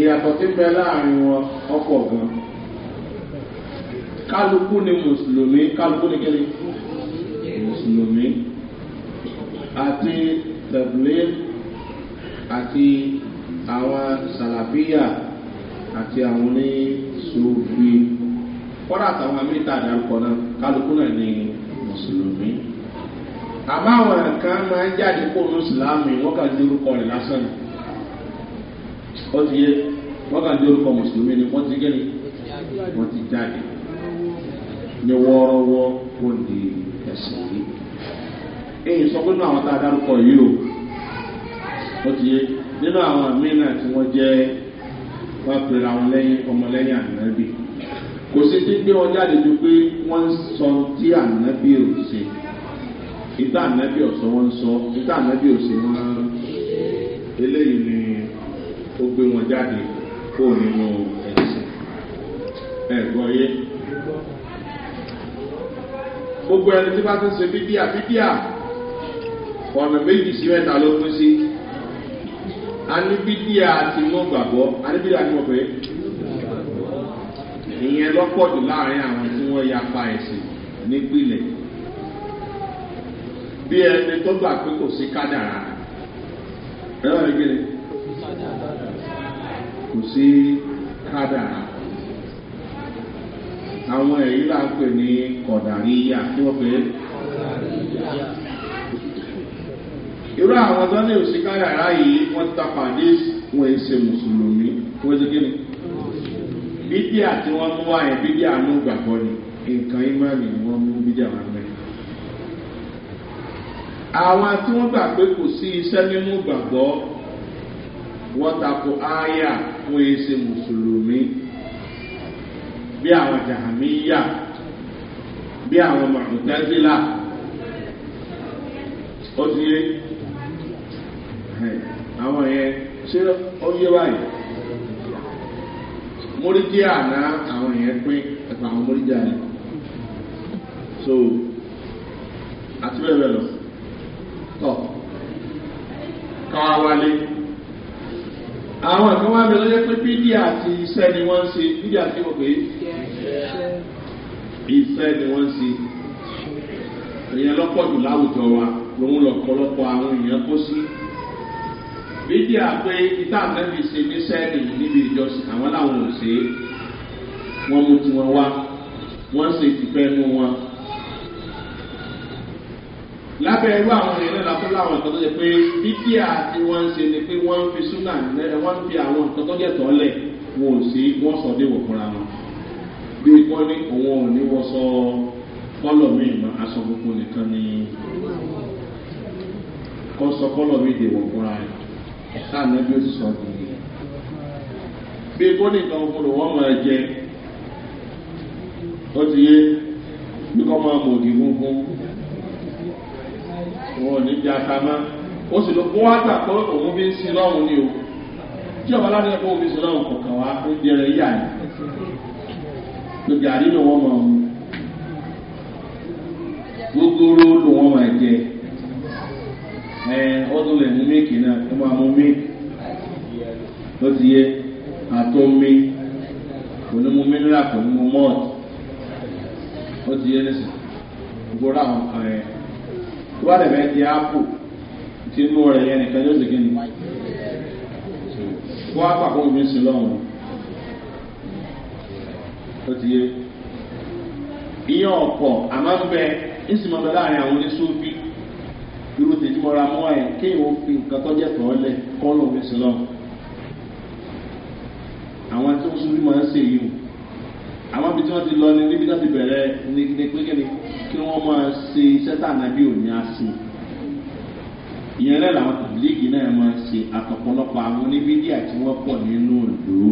Speaker 1: ìyàtọ̀ tí bẹ láàrin wọn ọkọ̀ gan kálukú ni mùsùlùmí kálukú ni kíni mùsùlùmí àti tẹ̀blẹ́ẹ̀ àti àwọn sàlàbíyà àti àwọn ní sùúrù kọ́dà àtàwọn amíta àdàkọ náà kálukú náà ni mùsùlùmí àbáwọn kan máa ń jáde kó ní sùlámù wọn kà ń dúró kọrin lásán ni ó ti yẹ wákàtí orúkọ mùsùlùmí ni wọ́n ti gẹ́ni wọ́n ti jáde ní wọ́ọ́rọ́wọ́ kó di ẹ̀sìn yìí. èyí sọ pé nínú àwọn tá a dárúkọ yìí o ó ti yẹ nínú àwọn míín náà tí wọ́n jẹ́ wọ́n pèrè àwọn lẹ́yìn ọmọlẹ́yìn ànábì kò sí ti gbé wọn jáde ju pé wọ́n ń sọ tí ànábì ò ṣe ìta ànábì ọ̀sọ́ wọn ń sọ ìta ànábì ò ṣe wọn eléyìí ni ó gbé wọn jáde kó nínú ẹ̀sìn ẹ̀gbọ́n yé gbogbo ẹni tí bá ti ń ṣe bíbíà bíbíà ọ̀nà méjì sí mẹ́ta ló pín sí anibíbíà ti mọ́ gbàgbọ́ anibíbíà ti mọ̀ pé ìyẹn lọ́pọ̀ jù láàrin àwọn tí wọ́n ya pa ẹ̀sìn nípìnlẹ̀ bí ẹni tó gbà pé kò sí kádàrà ẹ̀rọ ìgbìlẹ̀ kò sí kádàrà àwọn èyí là ń pè ní kọ̀dàríyà kí wọ́n pè é.
Speaker 2: irú àwọn tó ní òsì kádàrà yìí
Speaker 1: wọ́n tapàdé wọn ṣe mùsùlùmí wọ́n ṣe kíni. bídíà tí wọ́n mú wáyé bídíà mú gbàgbọ́ ni nǹkan ìmọ̀ọ́nì ni wọ́n mú bídíà wọn mẹ́rin àwọn tí wọ́n gbà pé kò sí iṣẹ́ mímú gbàgbọ́ wọ́n tako ááyà fún ẹsẹ̀ mùsùlùmí bí àwọn jahamiya bí àwọn mọ̀tẹ́sílà ó ti yé àwọn yẹn ṣé ó yé báyìí mórídìí àná àwọn yẹn pín ẹ̀fọ́ àwọn mórídìí àná so àti bẹ́ẹ̀ bẹ́ẹ̀ lọ tọ́ káwá wálé àwọn kan wá bẹ lọ́jọ́ pé bídíà àti iṣẹ́ ni wọ́n ń ṣe bídíà àti wọ́n pé iṣẹ́ ni wọ́n ń ṣe èèyàn lọ́pọ̀ jù láwùjọ wa lòun lọ́pọ̀lọpọ̀ àwọn èèyàn kó sí bídíà pé ìta àtẹ́bí ṣe níṣẹ́ nìyí níbi ìjọsìn àwọn làwọn ò ṣe é wọ́n mú tiwọn wá wọ́n ṣe ìtìpẹ́ nú wọn lábẹ́ irú àwọn èèyàn náà lápẹ́ láwọn nǹkan tó jẹ pé bíbí àti wọ́n ń ṣe ni pé wọ́n ń fi súnà nẹ́rẹ̀ wọ́n ń fi àwọn nǹkan tó jẹ tọ́ lẹ̀ wọn ò sí wọ́n sọ déwò fúnra wọn bí wọ́n ní òun ò ní wọ́n sọ kọ́lọ̀ mi ìmọ̀ aṣọ gbogbo nìkan ni kọ́ sọ kọ́lọ̀ mi dèwò fúnra rẹ̀ sáà nẹ́bí ó ti sọ nìyẹn bí kó ní nǹkan fún wọn máa jẹ ó ti yé bí kò máa mọ̀ òdì fúnfún òun ò ní di ata mọ́ ó sì ló wọ́n á gbà pé òun fi ń sin lọ́hùn ni o tí ọba láti ẹ̀ pé òun fi ń sin lọ́hùn kọ̀ọ̀kan wá ó di ẹrẹ yíyà ni gbogbo àdínú wọn mọ̀ ọ́n gbogbooro ló wọn máa jẹ ẹ ọdún lẹ̀ ní méèkì náà ẹ máa mú méèkì ló ti yẹ àtọ́mí kò ní mú mineral kò ní mú mọ́ọ̀tì ó ti yẹ nísìnyí gbogbo àwọn kan yẹn. tó bá dẹ̀bẹ̀ di ápù tí inú rẹ̀ yẹn nìkan yóò sì gé ni wọ́n á pàkó omi sí ti yé iye ọ̀pọ̀ àmọ́ ń bẹ ń sì mọ́ bẹ láàrin àwọn oníṣòfì irú tètè mọ́ra mọ́ ẹ̀ kéèyàn ó fi nǹkan tó jẹ́ tọ́ lẹ̀ kọ́ lómi àwọn kí wọ́n máa ṣe iṣẹ́ tànàbí òní àṣì ìyẹn lẹ́la àwọn tàbílíìgì náà máa ṣe àtọ̀pọ̀lọpọ̀ àwọn oníbídíà tí wọ́n pọ̀ nínú ìlú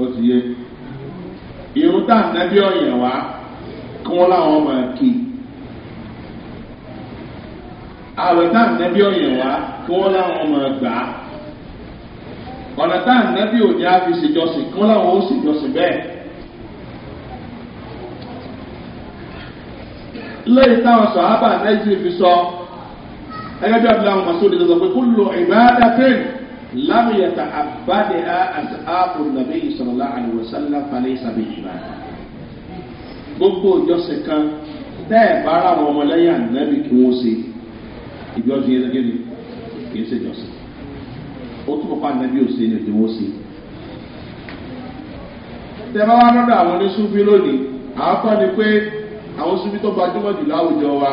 Speaker 1: ó ti yé irun tànàbí ọ̀yẹ̀ wá kí wọ́n láwọn máa kí àwẹ̀ tànàbí ọ̀yẹ̀ wá kí wọ́n láwọn máa gbà á ọ̀nà tànàbí òní àfi ṣèjọsìn kí wọ́n láwọn ó ṣèjọsìn bẹ́ẹ̀. lẹ́yìn táwọn sọ̀hábà nàìjíríà fi sọ ẹgbẹ́ bí abdullahi muhammad sọ́ọ́ dìde sọ pé kó lo ìmáàdá fẹ́ẹ̀n lámìyàtà àbádé a àti ààbò nàbẹ́ ìsọ̀rọ̀lá àlùwẹ̀sálà falẹ̀ ìsàbẹ̀ ìmáàdá. gbogbo ìjọsìn kan tẹ́ ẹ̀ bá ara wọn ọmọlẹ́yìn ànábì kí wọ́n ṣe ìjọsìn yẹn lẹ́gẹ́ni kì í ṣe ìjọsìn ó túbọ̀ pa ànábì òsè ni wọ́n ṣe. tẹ́ bá wá lọ́dọ̀ àwọn oníṣúfin àwọn súnmí tó gbajúmọ̀ jù láwùjọ wa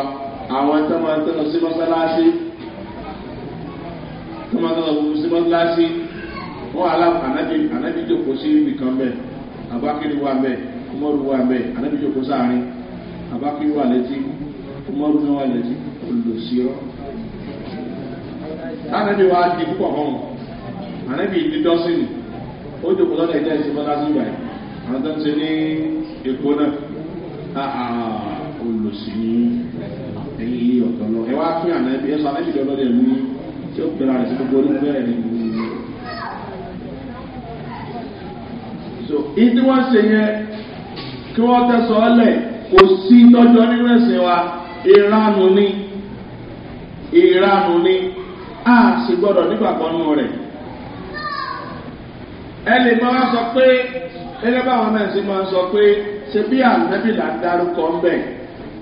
Speaker 1: àwọn tó máa ń tẹ́lọ sí mọ́sálásí tó máa ń tẹ́lọ sí mọ́sálásí wọ́n aláàbí ànábì jòkó sí ibìkan bẹ́ẹ̀ abákiri wà bẹ́ẹ̀ kúmọ́rù wà bẹ́ẹ̀ ànábì jòkó sáàrin abákiri wà létí kúmọ́rù náà wà létí olùsírọ́ ànábì wa di púpọ̀ hàn ànábì di dọ́sìnì ó jòkó lọ́dọ̀ ìjẹ́ ìsinmi lásìgbà yìí àwọn tó ń ṣe ní èkó náà olùsìnì ẹ̀yìn ilé ọ̀tọ̀ lọ ẹ wá pín àná ẹbí ẹsọ alẹ́ ìjọba lè mú tí ó pèrà rẹ̀ sí gbogbo orí bẹ́ẹ̀ ni mú un. so ìdí wọ́n ṣe yẹn kí wọ́n tẹ̀sọ̀ ọ́lẹ̀ kò sí tọ́jọ́ nínú ẹ̀sìn wa ìranù ni ìranù ni a sì gbọ́dọ̀ nígbàgbọ́ nù rẹ̀ ẹ lè máa sọ pé gẹ́gẹ́ báwọn náà sì máa sọ pé ṣe bí ànábì là ń dárúkọ ń bẹ̀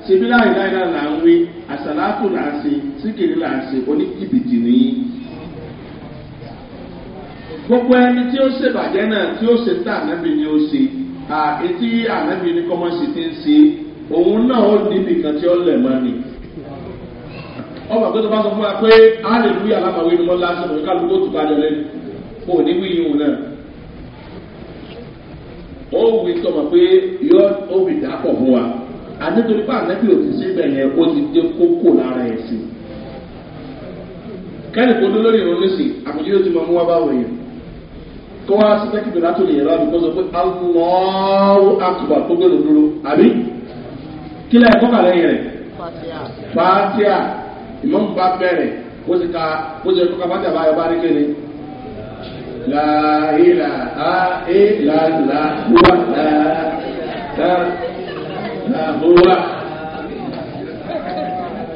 Speaker 1: ṣe bí láì láì náà là ń wí àṣàlákù là se ṣe síkìrì là ń ṣe oníjìbìtì nìyí. gbogbo ẹni tí ó ṣèbàjẹ́ náà tí ó ṣe tá ànábì ni ó ṣe àti ànábì ní kọ́mọ́sì ti ń ṣe òun náà ó níbi kan tí ó lẹ̀ mọ́ ni ọba tó bá sọ fún wa pé a lè wí alámàwé ni wọ́n lásán òun kálukó tó bá jọ lẹ́nu kò ní wí yìí náà. ó wí ma pé yọ ó wí dàpọ̀ fún wa àdéhùn pa ànábì ò ti ṣe bẹ́ẹ̀ yẹn ó ti dé kókó lára ẹ̀ sí. kẹ́lì kó dé lórí ìrún nísì àpèjì yóò ti máa mú wá báwo yẹn kó wá sí tẹ́kìtì látò lè yẹn lábì sọ pé alọ́ọ̀rù àtùbà tó gbé lòdúró àbí kílẹ̀ rẹ̀ لا إله إلا الله هو لا لا هو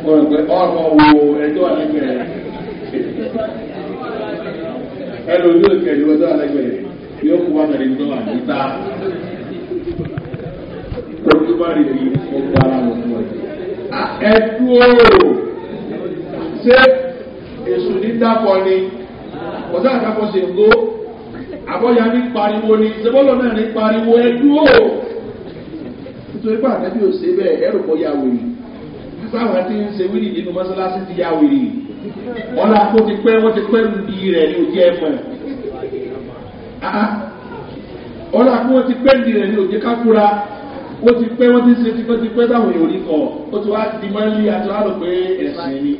Speaker 1: ọ̀pọ̀ wo ẹjọ́ àlẹ́gbẹ̀ẹ́ ẹlòmí òkè ẹjọ́ ẹjọ́ àlẹ́gbẹ̀ẹ́ yóò kú wá mẹ́rin tó wà níta olùbárì ni ó gbára wọn fún ọ. ẹ̀dúró ṣé èṣù ní dákọ ni kọ̀tà àkàkọ̀ ṣe ń gbó àbọ̀yà ní pariwo ni ṣebọ́lọ̀ náà ní pariwo ẹdúró nítorí pé àtẹ́bí ò ṣe bẹ́ẹ̀ ẹrù kọ́ yà wèrè sáwọn ṣe wíìlì nínú mọ́ṣáláṣí ti yà wèrè kó ti pẹ́ wọ́n ti pẹ́ ń di rẹ̀ ní òjì ẹ̀mọ̀ ọlá kó wọ́n ti pẹ́ ń di rẹ̀ ní òjì kákúra ó ti pẹ́ wọ́n ti ṣe tipẹ́tipẹ́ táwọn èèyàn ò ní kọ̀ ó ti wá di mọ́lí àti wá lọ pé ẹ̀sìn ni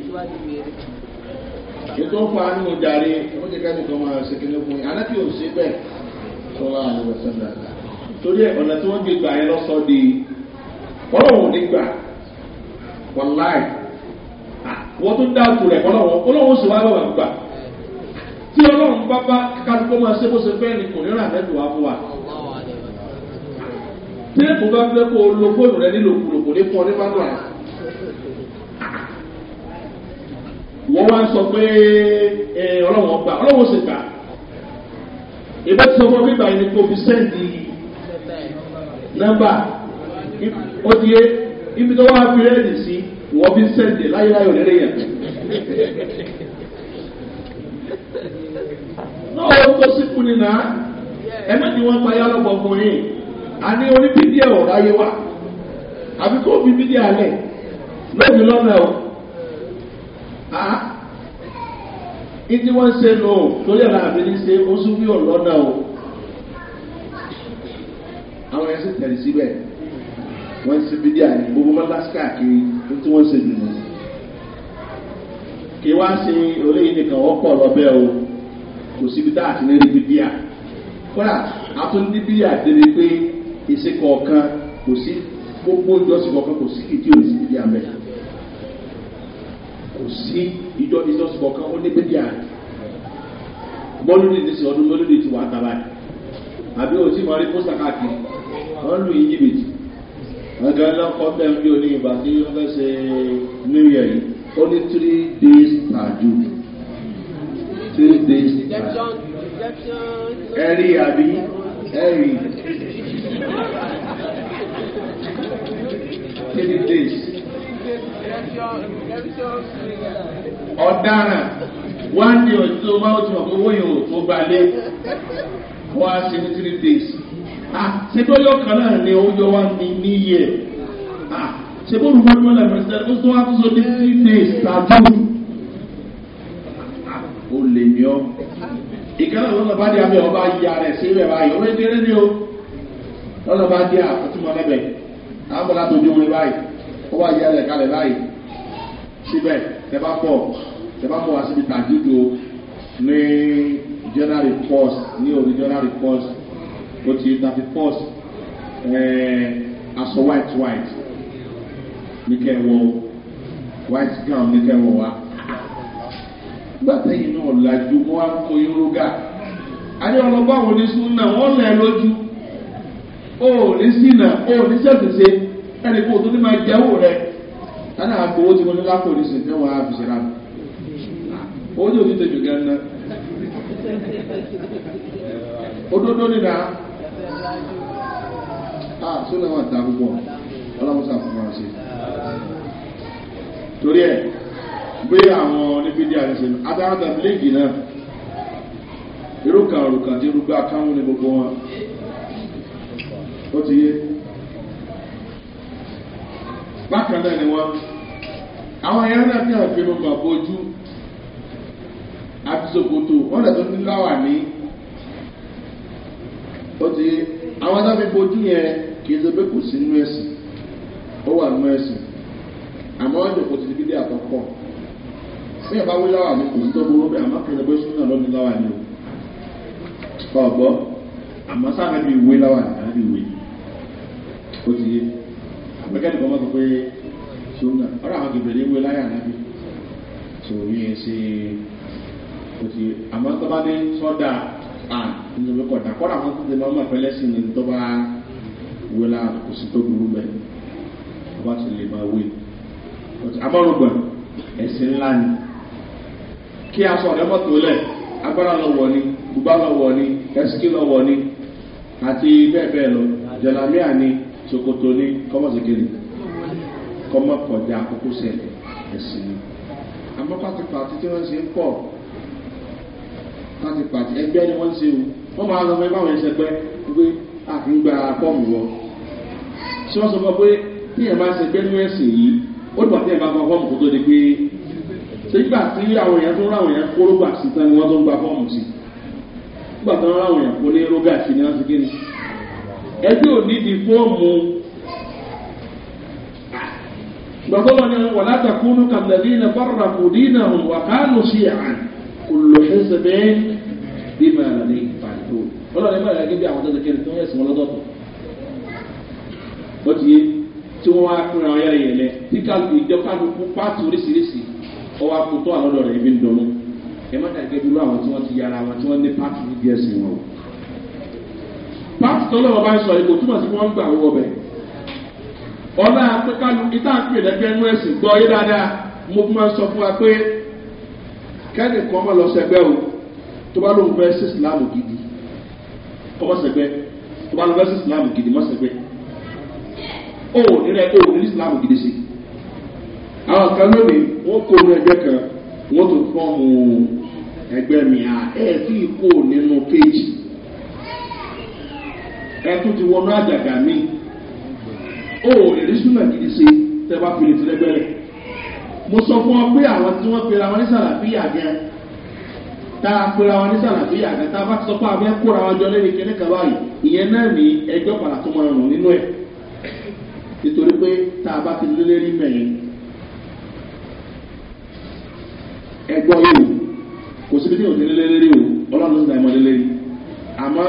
Speaker 1: ètò ń fa nínú jàre ó ti ká nìkan máa ṣe kíní fún yín anábì ò sí bẹ́ẹ̀ sọlá àlùbọ̀ sọlá torí ẹ̀ ọ̀nà tí wọ́n gbé gbà yẹn lọ́sọ̀ di ọlọ́wọ́ ní gbà wàláì wọ́n tún dá òtù rẹ̀ ọlọ́wọ́ ọlọ́wọ́ sì wá lọ́wọ́ gbà tí ọlọ́run bá bá kálukọ́ máa ṣe bó ṣe fẹ́ ni kò ní rà mẹ́tò wá fún wa téèpù bá fẹ́ kó o lo fóònù rẹ nílòkulò ní wọ́n wá ń sọ pé ọlọ́wọ́n gbà ọlọ́wọ́n sì gbà ìbá ti sọ fún mi báyìí ni kò fi sẹ́ǹdì nọ́mbà ó di ibi tó wá fi rẹ́ẹ̀dì sí wọ́n fi sẹ́ǹdì láyéláyò lẹ́rẹ́ yẹn. náà ó tó síkú ni náà wọ́n pa fún yín ìdí wọ́n ṣe nù tó yàrá àbílí ṣe ó sún bí ọ̀lọ́dà o àwọn ẹ̀sì tẹ̀lé síbẹ̀ wọ́n ṣe bí díà ní gbogbo mọ́lásíkà kiri tí wọ́n ṣe jù lọ kí wá sí oríyìn nìkan ọ̀pọ̀ lọ́bẹ̀ o kò síbi tá àti lẹ́rìí bí díà kódà àtúndí bí díà débi pé ìṣe kọ̀ọ̀kan kò sí gbogbo ìjọsìn kọ̀ọ̀kan kò sí kìkì òsì bí díà mẹ́ta kò sí ìjọ jesus kọ̀ọ̀kan ó ní bíbí àná mọ́lúdì ní sọ̀dún mọ́lúdì ti wà tàbá yìí àbí o ti máa rí pósítà káàkiri wọ́n lù yí jìbìtì ọ̀gá ńlá kọ́ bẹ́ẹ̀ bí o ní ìgbà tí wọ́n fẹ́ ṣe new year yìí ó ní three days àjò three days àjò ẹ̀rí àbí ẹ̀rí
Speaker 2: ọ̀daràn
Speaker 1: one day or two máa ń tún owó yẹn ò tó balẹ̀ for a seventy three days ah ṣètò yọ kan náà ni ó yọ wá ní ní yẹ ah ṣètò olùkọ́ni wọn lẹ́nu ṣẹlẹ̀ ó tún wá tún so ní three days tàbí ó lè ní ọ ìkẹ́lẹ̀ lọ́sọ̀ bá dé abẹ́ ọba ya rẹ̀ sí ibẹ̀ báyìí ọba ìdílé ni o lọ́sọ̀ bá dé àkótúmọ̀ lẹ́bẹ̀ẹ́ àwọn bọ̀dá tó dé wọn báyìí ó wà ya rẹ̀ kalẹ̀ báyìí síbẹ̀ tẹ́bá pọ̀ tẹ́bá pọ̀ wá síbi tàdídò ní journal report ní orí journal report ó ti thirty first aṣọ white white ní kẹwọ white gown ní kẹwọ wa nígbà tẹ́yìn náà lajú wọ́n á kó yorùbá adé ọlọ́gbà wọn ní súnà wọ́n lẹ̀ lójú ó ní sínà ó ní sẹ́sẹ̀sẹ̀ ẹnì kó tó ní máa jẹ́wọ́ rẹ̀ tánà àpòwó tí wọ́n ní lápò ní sìn fẹ́wọ̀n àbìsẹ̀rà owó tí ò ní tẹ̀jù gan ná òdodo nínà á sólà wà dá púpọ̀ ọlọ́mọsà fún wa ṣe torí ẹ̀ gbé àwọn oníbídí àrẹsẹ̀ adáradà léègì náà irú kan òrùkàn tí irúgbà káwọn ní gbogbo wọn ó ti yé bákan náà ni wọ́n àwọn ẹran náà fi hàn pé mo gbà bójú àti sokoto wọn lè tó ní láwà ní ó ti àwọn tó fi bójú yẹn kì í ṣe pé kò sí nínú ẹ̀sìn ó wà nínú ẹ̀sìn àmọ́ wọn jòkó ti di bídé àkọ́kọ́ bí ẹ bá wí láwà ní kò sí tó burú bẹ́ẹ̀ àmọ́ kì í ṣe pé súnà lọ́ni láwà ní o ọ̀gbọ́ àmọ́ sáà náà bí ìwé láwà ní àbí ìwé ó ti yé àgbẹ̀kẹ́ nìkan mọ́ sọ pé ṣúnà ọ̀rọ̀ àwọn gèbèrè wé láyà níbi tó yí ṣe kò sí àmọ́ tó bá à nínú ìwé kọ̀dà kọ́dà wọn ti máa mọ̀ pẹ́lẹ́ sí ni tó bá wé la kò sí tó burú bẹ́ẹ̀ tó bá ti lè máa wé abọ́rùngbọ̀n ẹ̀sìn ńlá ni kí aṣọ ọ̀dẹ́mọ̀ tó lẹ̀ agbára lọ wọ̀ ni bùbá lọ wọ̀ ni ẹ̀sìkì lọ wọ̀ ni àti bẹ́ẹ̀ bẹ́ẹ̀ lọ jẹ̀lámíà ni sokoto ni kọ́mọ̀sí kiri kọ́mọ́ kọjá àkókò sẹ́lẹ̀ ẹ̀sìn ni. àmọ́ pátipàti tí wọ́n ṣe ń pọ̀ pátipàti ẹgbẹ́ ni wọ́n ṣe o wọ́n máa lọ mọ ẹgbẹ́ àwọn ẹ̀ṣẹ̀ pẹ́ pé a kì í gba fọ́ọ̀mù wọn. ṣé wọ́n sọ fún ọ pé tí ẹ̀ máa ṣe ẹgbẹ́ ní ẹ̀sìn yìí ó dùn àti ẹ̀ máa gba fọ́ọ̀mù kó tó di pé sígbà tí àwọn èèyàn tó ráwọn èèyàn kó rógbà sí tán ni wọ́n tó ń gba fọ́ọ̀mù sí nígbà tó ráwọn èèyàn kó lé rógà sí ni wọ́n ti kí ni ẹgbẹ́ òní di fọ́ọ̀mù gbogbo ni wọn láta kúnú kàlẹ́lí na fọ́nrà kò dínà hùn wà kánú sí àn kò lò ṣẹṣẹ bẹ́ẹ̀ bí màá ní ìfàdó ọlọ́run ní màá gẹ́gẹ́ bí àwọn tó ti kiri tó ń yẹ sùn lọ́dọ̀tọ̀ ó ti yé tí wọ́n wá kúnra ọ̀yà yẹlẹ tí kálukú ìjọ kálukú pàtó oríṣiríṣi ọwọ́ akutọ àlọ́dọ̀ rẹ̀ ibi ń dọ́nu ẹ má dàgẹ́ dúró àwọn tí wọ́n ti yára wọn tí wọ́n ní pàtó ọlá pẹ́kálu ìta ń pè lẹ́gbẹ́ inú ẹ̀sìn gbọ́ yé dáadáa mo máa ń sọ fún wa pé kẹ́ni kan máa lọ sẹ́gbẹ́ o tó bá lóun fẹ́ sí ìsìláàmù gidi ọmọ sẹ́gbẹ́ tó bá lóun fẹ́ sí ìsìláàmù gidi mọ́ sẹ́gbẹ́ o ò nílẹ̀ o ò ní ìsìláàmù gidi sí àwọn kan lónìí wọ́n kó ní ẹgbẹ́ kan wọ́n tó fọ́ọ̀mù ẹgbẹ́ mi à ẹ̀ tí nínú kéjì ẹ̀ tún ti wọnú àjàgà míì ó èrè súnà gidi ṣe tẹ bá fi lè ti lẹgbẹrẹ mo sọ fún ọ pé àwọn tí wọn pera wọn ní sàlàfíà gẹ tá a pera wọn ní sàlàfíà gẹ tá a bá ti sọ pé àwọn ẹkọra wọn jọ lẹni kẹne kaba yìí ìyẹn náà ní ẹgbẹ padà tó máa rùn nínú ẹ nítorí pé tá a bá ti lé lérí mẹyìn ẹgbọ yìí kò síbi tí yóò ti lé lérí o ọlọ́run ló ń da ẹ̀mọ́ lé lérí àmọ́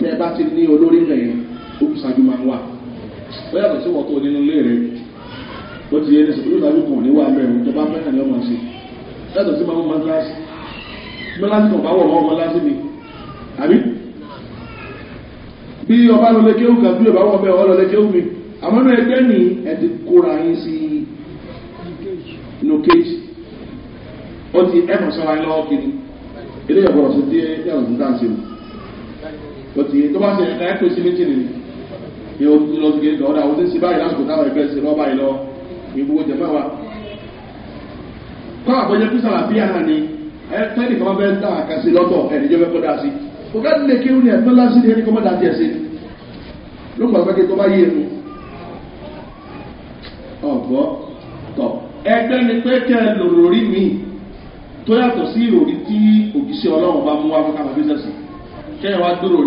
Speaker 1: tẹ bá ti ní olórí mẹyìn ó kù sáájú máa ń wà wọ́n yàtọ̀ sí wọ́n tó nínú ilé rẹ̀ ó ti yé ní sọ̀rọ̀ yóò dájú kàn ní wà mẹ́rin tó bá fẹ́ kàn ní ọmọ sí yàtọ̀ sí máa ń máa gíláàsì gíláàsì kan bá wọ̀ wọ́n ọmọ láti mi àbí bí ọba lọ lékéwù kan bí ọba wọ̀ bẹ́ẹ̀ ọ lọ lékéwù mi àmọ́ náà ẹgbẹ́ ni ẹ ti kóra yín sí inú kéjì ó ti ẹ mọ̀ sọ́ra yín lọ́wọ́ kiri ilé ìyàwó ọ̀sẹ̀ dé yàtọ̀ sí dáǹsì o ó ti tó bá ṣe ẹ̀ka ẹ̀ ní o tún lọ sí kéde ọ̀dà o ti ṣe báyìí lásìkò táwọn ẹgbẹ́ ṣe lọ́ báyìí lọ ìgbówó jẹ fáwa. kọ́ àbọ̀jẹ́ kí sàlàbíà náà ni ẹ tẹ́lẹ̀ kọ́ bẹ́ẹ̀ ń tà àkàsí lọ́tọ̀ ẹ̀ẹ́dẹ́jọ́ bẹ́ẹ̀ kọ́ dá sí. kò ká lè kí ní ẹ̀tọ́ lásì ní ẹni kọ́ mọ́ta tiẹ̀ sí. ló ń gbàgbé tó bá yé mu. E. ọ̀gbọ́ tọ̀ ẹgbẹ́ ni pé kẹ́ ẹ lòrò rí mi tó yàtọ̀ sí ìròrí tí òjíṣẹ́ ọlọ́run bá mú wá fún káfíńsẹ̀sì kẹ́ ẹ wá dúró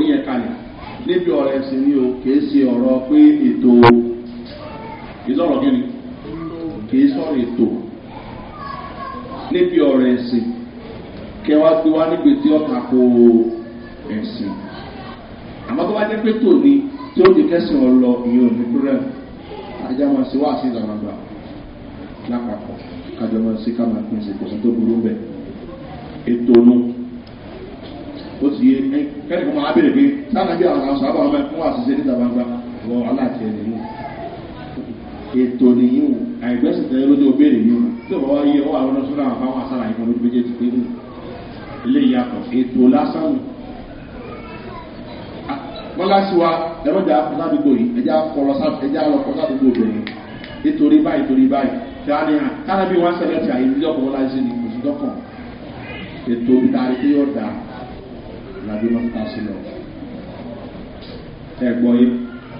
Speaker 1: níbi ọ̀rọ̀ ẹ̀sìn ni o kìí ṣe ọ̀rọ̀ pé ètò kìí sọ̀rọ̀ kí ni kìí sọ̀rọ̀ ètò níbi ọ̀rọ̀ ẹ̀sìn kẹwàá gbé wá níbi tí ọ̀tà kó ẹ̀sìn àmọ́ tó bá dé pé tòní tí ó di kẹ́sìn ọ̀ lọ ìyẹn ò ní kúrẹ́ ajá máa ṣe wá sí ìdàgbàgbà lápapọ̀ kájọ máa ṣe ká máa pín kò sí tó burú bẹ́ẹ̀ ètò náà ó sì yé kẹ́ni kan máa bèrè pé sáà bí àwọn aṣọ àbáwọn mẹ́rin fún àṣìṣe níta gbangba wọ aláàtì ẹni mú ètò nìyí wò àìgbẹ́sìn tẹ́lẹ̀ lójú ó bèrè yìí tí òbá wáyé ọwọ́ àwọn ọ̀nà sọ́nà àbáwọn àṣàrà yìí kan lójú méjèèjì pé nù hmm, ilé ìyàtọ̀ ètò lásán wọ́n láti wá ẹ̀rọ̀jà sádùgbò yìí ẹ̀já kọlọ ẹ̀já lọ́kọ sádùgbò bẹ̀rẹ̀ nítorí báyìí torí báyìí tí a ní hàn kánábì wọn sẹlẹ̀ tí àyè tàbí mọ́tà sí lọ. ẹ̀gbọ́n yìí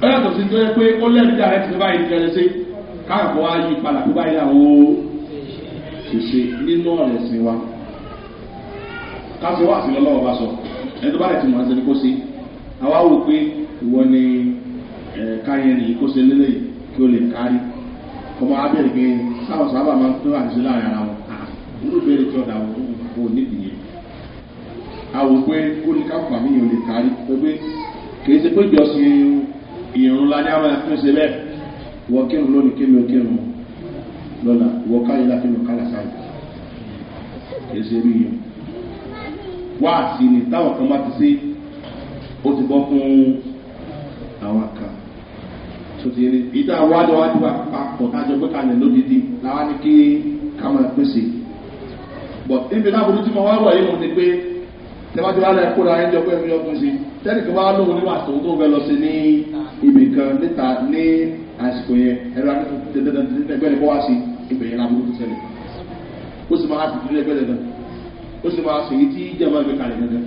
Speaker 1: ó yàtọ̀ sí tó yẹ pé ó lẹ́nu dàrẹ́ ti bá yìí tẹ́lẹ̀ sí káàbọ̀ á yí padà tó bá yà ó ṣèṣe nínú ọ̀rẹ́ sí wa. káṣí wà sí lọ́wọ́ bá sọ ẹni tó bá rẹ̀ ti mọ̀ ẹ́ sẹ́ni kó sí àwa wò pé ìwọ ni káyẹn nìyí kó ṣe lélẹ́yìí kí ó lè kárí ọmọ abẹ́rẹ́ pé sáwọn sábà máa ń pín àdìsí láàrin ara wọn. irú àwò pé kó ní káfà mí ò lè kárí pé kì í ṣe pé ìjọsìn ìrún la ní àwọn ẹ̀fí ń ṣe bẹ́ẹ̀ wọ́n kírun lónìí kí mi ò kírun lọ́la wọ́n káyé láti mi kálà sáyé kì í ṣe rí yẹn wá sí ni táwọn kan bá ti ṣe ó ti bọ́ fún àwọn kan tó ti rí ìdá wájú wájú wa papọ̀ tájọ pé kalẹ̀ lódìdí làwọn ní kí ká máa pèsè bọ̀ níbi láburú tí mo wá wọ̀ yìí mo ti pé tẹ́wájú wàhálà ẹ̀kọ́ la ẹ̀jọ̀ pé ẹ̀mí ọkùnrin sí tẹ́lẹ̀ kí wàá lóhun níwà tó tó fẹ́ lọ sí ní ibì kan níta ní àsìkò yẹn ẹ̀rọ akẹ́kọ̀ọ́ kọ́ wá sí ibẹ̀ yẹn lábúrú tó sẹ́lẹ̀ ó sì máa sèkí lẹ́gbẹ́ dandan ó sì máa sèkí tí ìjọba gbé kalẹ̀ dandan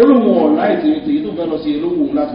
Speaker 1: olóhùn ọ̀la ìtìrì tèyí tó fẹ́ lọ sí olóhùn láti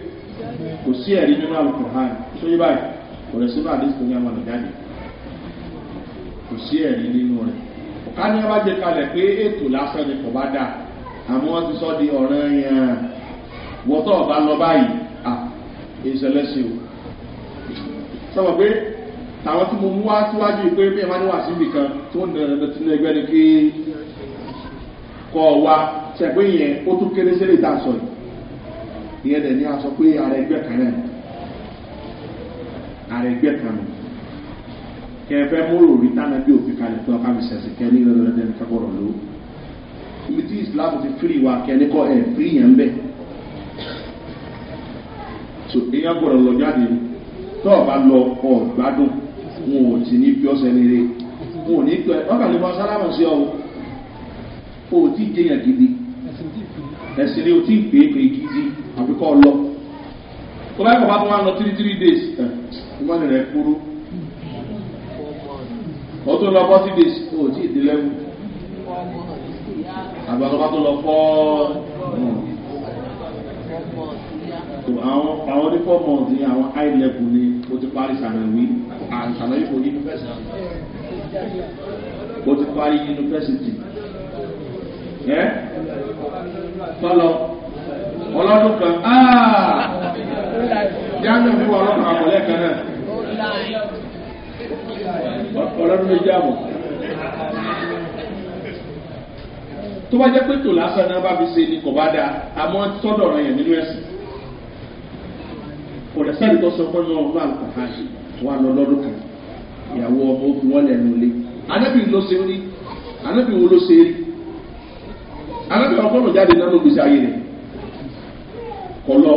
Speaker 1: kò sí ẹ̀rí nínú àlùkò hàn tó yí báyìí kò rẹ̀ sínú àdéhùn tó ní àwọn ọ̀nà jáde kò sí ẹ̀rí nínú rẹ̀ ká ní wọ́n jẹ kalẹ̀ pé ètò lásán ni kò bá dà àmọ́ wọ́n ti sọ di ọ̀ràn yẹn wọ́tọ̀ ọ̀bá lọ báyìí à ìṣẹ̀lẹ̀ṣẹ̀ o sọ̀rọ̀ pé àwọn tí mo mú wá síwájú pé bí ẹ máa ní wà síbì kan tó ń dẹ̀rẹ̀ lọ sínú ẹgbẹ́ ni kí kọ́ ọ ṣẹ̀gbẹ́ yẹn ó tún kéré sílẹ̀ ìdásọ̀rọ̀ ìyẹn dẹ̀ ní aṣọ pé ara ẹgbẹ́ kan náà ara ẹgbẹ́ kan nù kẹ ẹ fẹ́ múlò rí tánà bí òfin kalẹ̀ fún akábísẹ̀sì kẹ ní ìrẹ́lẹ́dẹ́ ní kábọ̀rọ̀ ló ibi tí islam ti firi wa kẹ ní kọ́ ẹ̀ firi yẹn bẹ́ẹ̀ so èèyàn gbọ́dọ̀ lọ jáde tọ́ ọba lọ ọ̀gbádùn wọn ò sì ní bí ọ̀sẹ̀ nílé wọn ò ní pẹ́ ọkàn ní wọn sálámà sí ọ o ò tí jẹyàn gidi ẹ̀sìn ni o ti pè pé gidi àbí kọ́ lọ tó bá yẹ kó bá tó máa lọ three three days ẹ̀ ìmọ̀ni rẹ̀ kúrú ó tó lọ forty days ó tí ì di lẹ́wù àgbà tó bá tó lọ fọ́ọ́ so àwọn àwọn ní four months ní àwọn high level ní o ti parí sànàwí àsànàwí for university o ti parí university ẹ tọ́lọ ọlọ́dún kan jáàmù ah! fún ọlọ́dún àkọlẹ́ kan náà
Speaker 2: ọlọ́dún méjì àbọ̀ tó
Speaker 1: bá jẹ́ pé tò lásán náà bá fi ṣe ni kò bá dáa àmọ́ tọ́dọ̀ ọ̀rọ̀ yẹn nínú ẹ̀sìn kò dẹ̀ sẹ́ni tó sọ pé náà wà lọ́kàn hàn wà lọ́dún kan ìyàwó ọmọ òkú wọn lẹ́nu ilé anábì ló ṣe rí anábì wo ló ṣe rí anábì ọgọ́rùn-ún jáde náà ló gbèsè ayé rẹ̀ kọlọ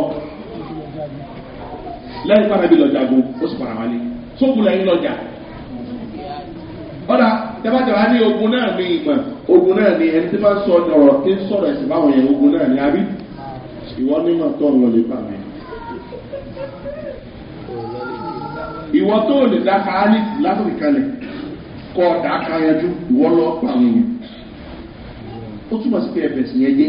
Speaker 1: lẹ́yìn fún anabi lọ́jà gbó ó sì fara wálé sókùn lẹ́yìn lọ́jà ọ̀dà tẹ́fàtẹ́fà ní ogun náà ní ìmọ̀ ogun náà ní ẹni tí máa ń sọ ọ̀rọ̀ tí ń sọ̀rọ̀ ẹ̀sìn báwọn yẹn ogun náà ní abí ìwọ nímọ̀ tó ń lọ lè bà mí. ìwọ tó lè dáka áyì lásìkò kalẹ̀ kọ́ dáka yanjú ìwọ lọ́ọ́ pàmò yẹn ó túmọ̀ sí pé ẹ̀bẹ̀ sì yẹn dé.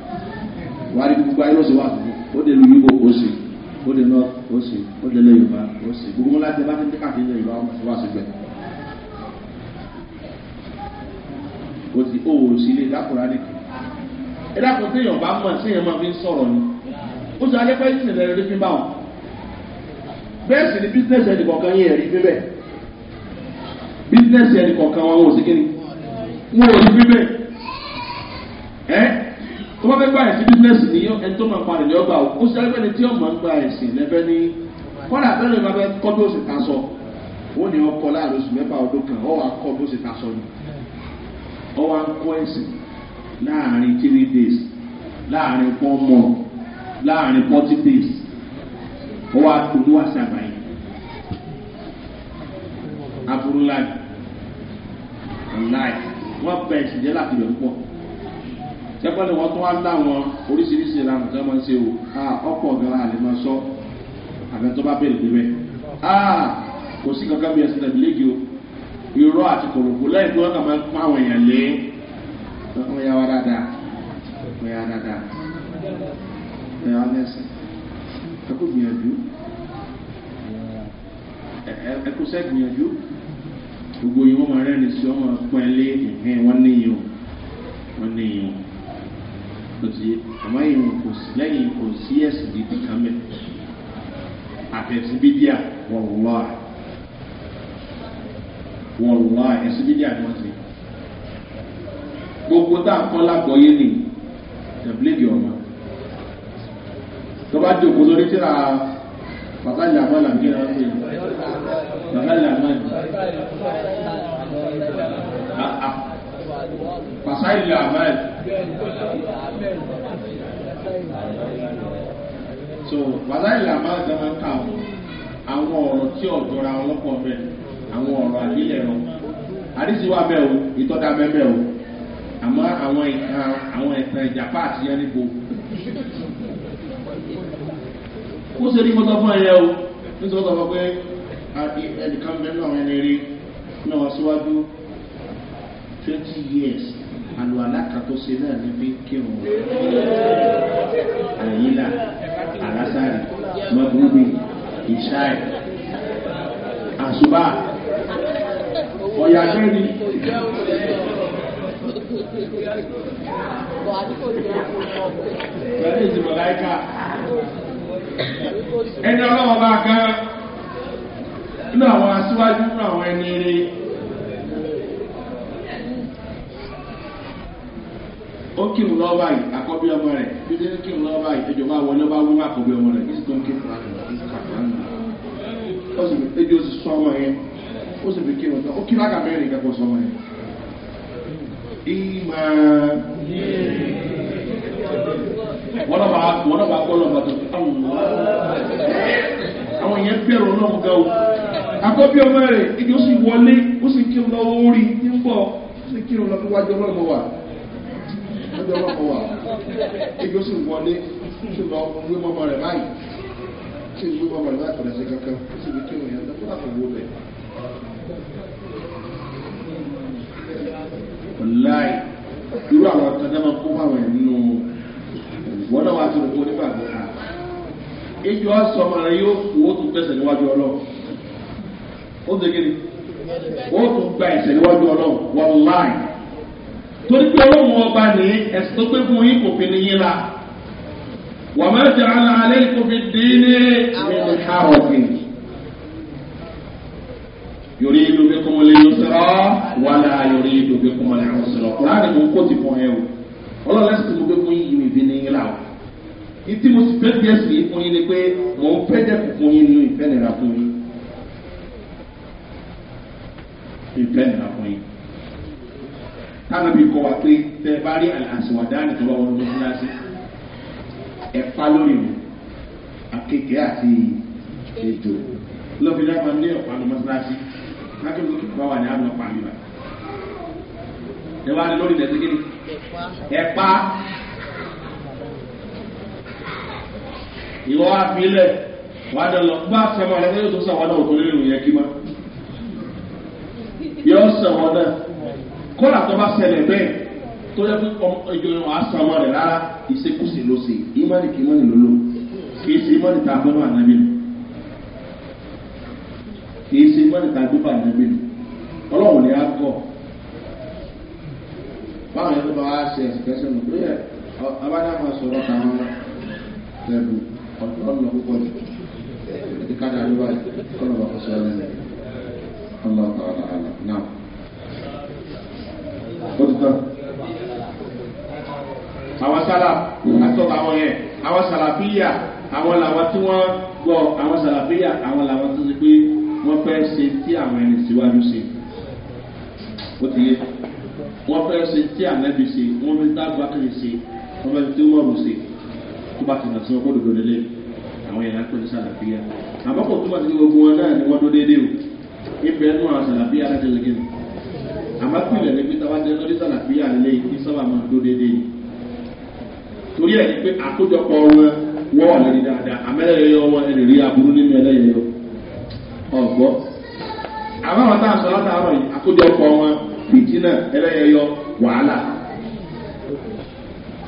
Speaker 1: wàá rí gbogbo ayé lọ́sẹ̀ wà ó dé lu yíbo ó sì ó dé lọ ó sì ó dé lé yorùbá ó sì gbogbo ńlá tẹ bá ti ń tẹ́ka sí ilé yorùbá wà sí gbẹ. o ti o ò sí ilé ìdákùnrin àdìkì ẹ dákun tí èèyàn mọ̀ sí èèyàn máa fi sọ̀rọ̀ ni ó sọ adé pẹ́ẹ́sì nìlẹ̀ rẹ̀ fi bá bẹ́ẹ̀ sì ni bísínẹ́sì ẹnì kọ̀ọ̀kan yẹn rí bíbẹ̀ bísínẹ́sì ẹnì kọ̀ọ̀kan wọn ò sí kíni wọn ò rí bíbẹ̀ ẹ́ tó bá fẹ́ gba ẹ̀sìn bísínẹ́sì ní ẹni tó máa parẹ̀ ní ọgbà o ó sì dájú pé ẹni tí ọmọ ń gba ẹ̀sìn lẹ́fẹ́ ní kọ́dà abẹ́rẹ́ ìgbà fẹ́ kọ́ bí ó sì ta sọ ó ní ọkọ láàrin oṣù mẹ́fà ọdún kan ọ wà kọ́ bí ó sì ta sọ ni ọ wà ń kọ́ ẹ̀sìn láàrin three days láàrin four months láàrin forty days ọ wà tó ní wàásù àgbáyé aburú láì láì wọ́n bẹ̀rẹ̀ sì jẹ́ láti lè pọ̀ jẹ́pẹ́ ni wọ́n tún wá láwọn oríṣiríṣi ìlànà tí wọ́n máa ń ṣe o a ọkọ̀ gan-an àlè máa sọ àbẹ̀ tó bá bẹ̀rẹ̀ bíbẹ̀ a kò sí kankan bí ẹ̀sìn tẹ̀lé léegi o irọ́ àti kòròkò lẹ́yìn tí wọ́n kàn máa ń pa àwọn èèyàn lé wọ́n yá wa dáadáa wọ́n yá wa dáadáa wọ́n yá lẹ́sìn ẹ kó gbìyànjú ẹ kó sẹ́ gbìyànjú gbogbo yìí wọ́n máa rẹ́rìn sí ọmọ pẹ́ẹ́lẹ́ ìhìn wọ́n níyìn o wọ́n níyìn o tó ti yé àmọ́ ìrìn kò sí lẹ́yìn kò sí ẹ̀sìn gidi kan mẹ́ àfẹ̀sí bídíà wọ̀lọ́ wọ̀lọ́ ẹ̀sìn bídíà ni wọ́n ti gbogbo tá a kọ́ lágbọ́yé ni tẹ̀bílẹ̀dì ọ̀mà tó bá jòkó lórí tíra bàtàlì àmàlà ní ìran
Speaker 2: pé bàtàlì àmàlà masáìlì ahmed
Speaker 1: so masáìlì ahmed ẹ máa ń kà wọn àwọn ọ̀rọ̀ tí ọ̀dọ́ra wọn lọ́pọ̀ bẹ́ẹ̀ àwọn ọ̀rọ̀ àbílẹ̀ wọn àdìsíwá bẹ́ẹ̀ o ìtọ́jà bẹ́ẹ̀ o àmọ́ àwọn ìkan àwọn ìtàn ìjàpá àti yẹn níbo
Speaker 2: ó ṣe ní mọ́tọ́ fún ẹyẹ
Speaker 1: o nítorí ọ̀sán fún pé ẹnìkan bẹ́ẹ̀ náà ẹni rí náà síwájú twenty years àlọ́ alákàtọ́ ṣe náà ní bí kírun àyílà àlásàrì mọ́gbìnrin ìṣáì àṣùbà ọ̀yàgbẹ́ni.
Speaker 2: Pẹ̀lú ìdìbò láìka, ẹni ọlọ́wọ́ bá gan-an
Speaker 1: nínú àwọn aṣíwájú nínú àwọn ẹni eré. ó kírun lọ́wọ́ báyìí àkọ́bí ọmọ rẹ̀ bí ó kírun lọ́wọ́ báyìí ẹjọ́ máa wọlé bá wú àkọ́bí ọmọ rẹ̀ kí tó ń kírun lọ́wọ́ ó sì fi ẹjọ́ sì sọ ọmọ yẹn ó sì fi kírun tán ó kí lága mẹ́rin kẹ́kọ̀ọ́ sọ ọmọ yẹn. ìmọ̀ wọ́n náà bá kọ́ lọ́wọ́ tó àwọn yẹn bẹ̀rù náà ga o àkọ́bí ọmọ rẹ̀ ẹjọ́ sì wọlé ó sì kírun lọ́wọ́ lọ́wọ́ níbi ọwọ́ kan wà ebi ó sì wọlé ṣùgbọ́n wí mọ́mọ́ rẹ̀ báyìí ṣe wí mọ́mọ́ rẹ̀ báyìí kọ̀dà sí kankan síbi kí òun yẹn lọ́kọ́ láti wó bẹ̀. láì irú àwọn akadá kó bá wọn nínú wọn náà wá ti rògbò nígbà tó ká ebi sọ ọmọ rẹ yóò fò ó tún tẹsẹ̀ níwájú ọlọ́run ó dégé ni ó tún gba ẹsẹ̀ níwájú ọlọ́run wọ́n láì torí pé ọlọ́run ọba ní ẹ̀sìn tó gbé fún yín kò fi ní yín la wà má jẹ́ ala alẹ́ kò fi dín ní ìhà ọ̀gbìn yorí ìlú bí kò lè yọsọ̀rọ̀ wàlá yorí ìlú bí kò lè kúránì mo kó ti fún ẹ o ọlọ́run ẹ̀sìn tó mo fún yín mi fi ní yín la o ìtí mo sì fẹ́ bí ẹ̀sìn yìí fún yín ni pé mò ń fẹ́ dẹ́kù fún yín nínú ìfẹ́ nira fún yín ìfẹ́ nira fún yín tánábì kọ wa pé tẹ bá rí àlàǹsìwàdánì tó bá wọn lọ fúnra sí ẹ̀pá lórí mi akéèké àti ètò lọ́fi dábà ní ọ̀pá lọ mọ́sálásí lákèbó kí bá wà ní àná pa àmì bá. ẹ wá ní lórí ìdẹ́sí kí ni ẹ̀pá ìwọ́ àfilẹ̀ wà á dọ̀lọ́ gbá sẹ́wọ̀n ẹ̀ka yóò tó sàwọn náà òkú nínú yẹn kí ma
Speaker 2: yọ sẹ́wọ̀n náà
Speaker 1: kọ́lá tó bá ṣẹlẹ̀ bẹ́ẹ̀ tó yẹ kó ìjọyọ̀ àṣà ọmọ rẹ̀ rárá ìṣekúṣe ló ṣe ìmọ̀lì kì í mọ̀lì ló lò kì í ṣe ìmọ̀lì tá a gbọ́dọ̀ ànábì lò kì í ṣe ìmọ̀lì tá a gbọ́dọ̀ ànábì lò ọlọ́run ni a kọ́ báwọn yẹn tó bá ṣe ẹ̀sìkẹ́sẹ̀ mọ̀ pé abájá máa sọ̀rọ̀ táwọn ẹ̀bù ọ̀dọ́ púpọ̀ jù ẹ̀ẹ́dẹ́kájà ló báyìí kọ́nà bá kọ́ ó ti tán. àwọn sálà àtọ́ka àwọn yẹn àwọn sàlàfíà àwọn làwọn tí wọ́n gbọ́ àwọn sàlàfíà àwọn làwọn tó ti pé wọ́n fẹ́ ṣe tí àwọn ẹni síwájú ṣe ó ti yé wọ́n fẹ́ ṣe tí ànábì ṣe wọ́n fẹ́ dágbà kiri ṣe wọ́n fẹ́ tí wọ́n rù ṣe tó bá ti nà sí wọn kó dòdò délé àwọn yẹn lápẹ́ ní sàlàfíà àbọ̀kọ̀ tó bá ti gbogbo wọn náà ni wọ́n tó déédéé o ìbẹ̀ẹ́nu àwọn sàlàfíà láti lè gé mi àmọ́ pìlẹ̀ ní pété wá jẹ́ lórí sàlàfíà lé ní sábà máa dó déédéé torí ẹ̀ ní pé àkójọpọ̀ wọn wọ́n wà lórí dáadáa àmẹ́lẹ́yọ wọn ẹ̀rì rí aburú nínú ẹlẹ́yọ ọ̀gbọ́ àwọn àwọn táwọn sọ látàárọ̀ yìí àkójọpọ̀ wọn fìtínà ẹlẹ́yọ wàhálà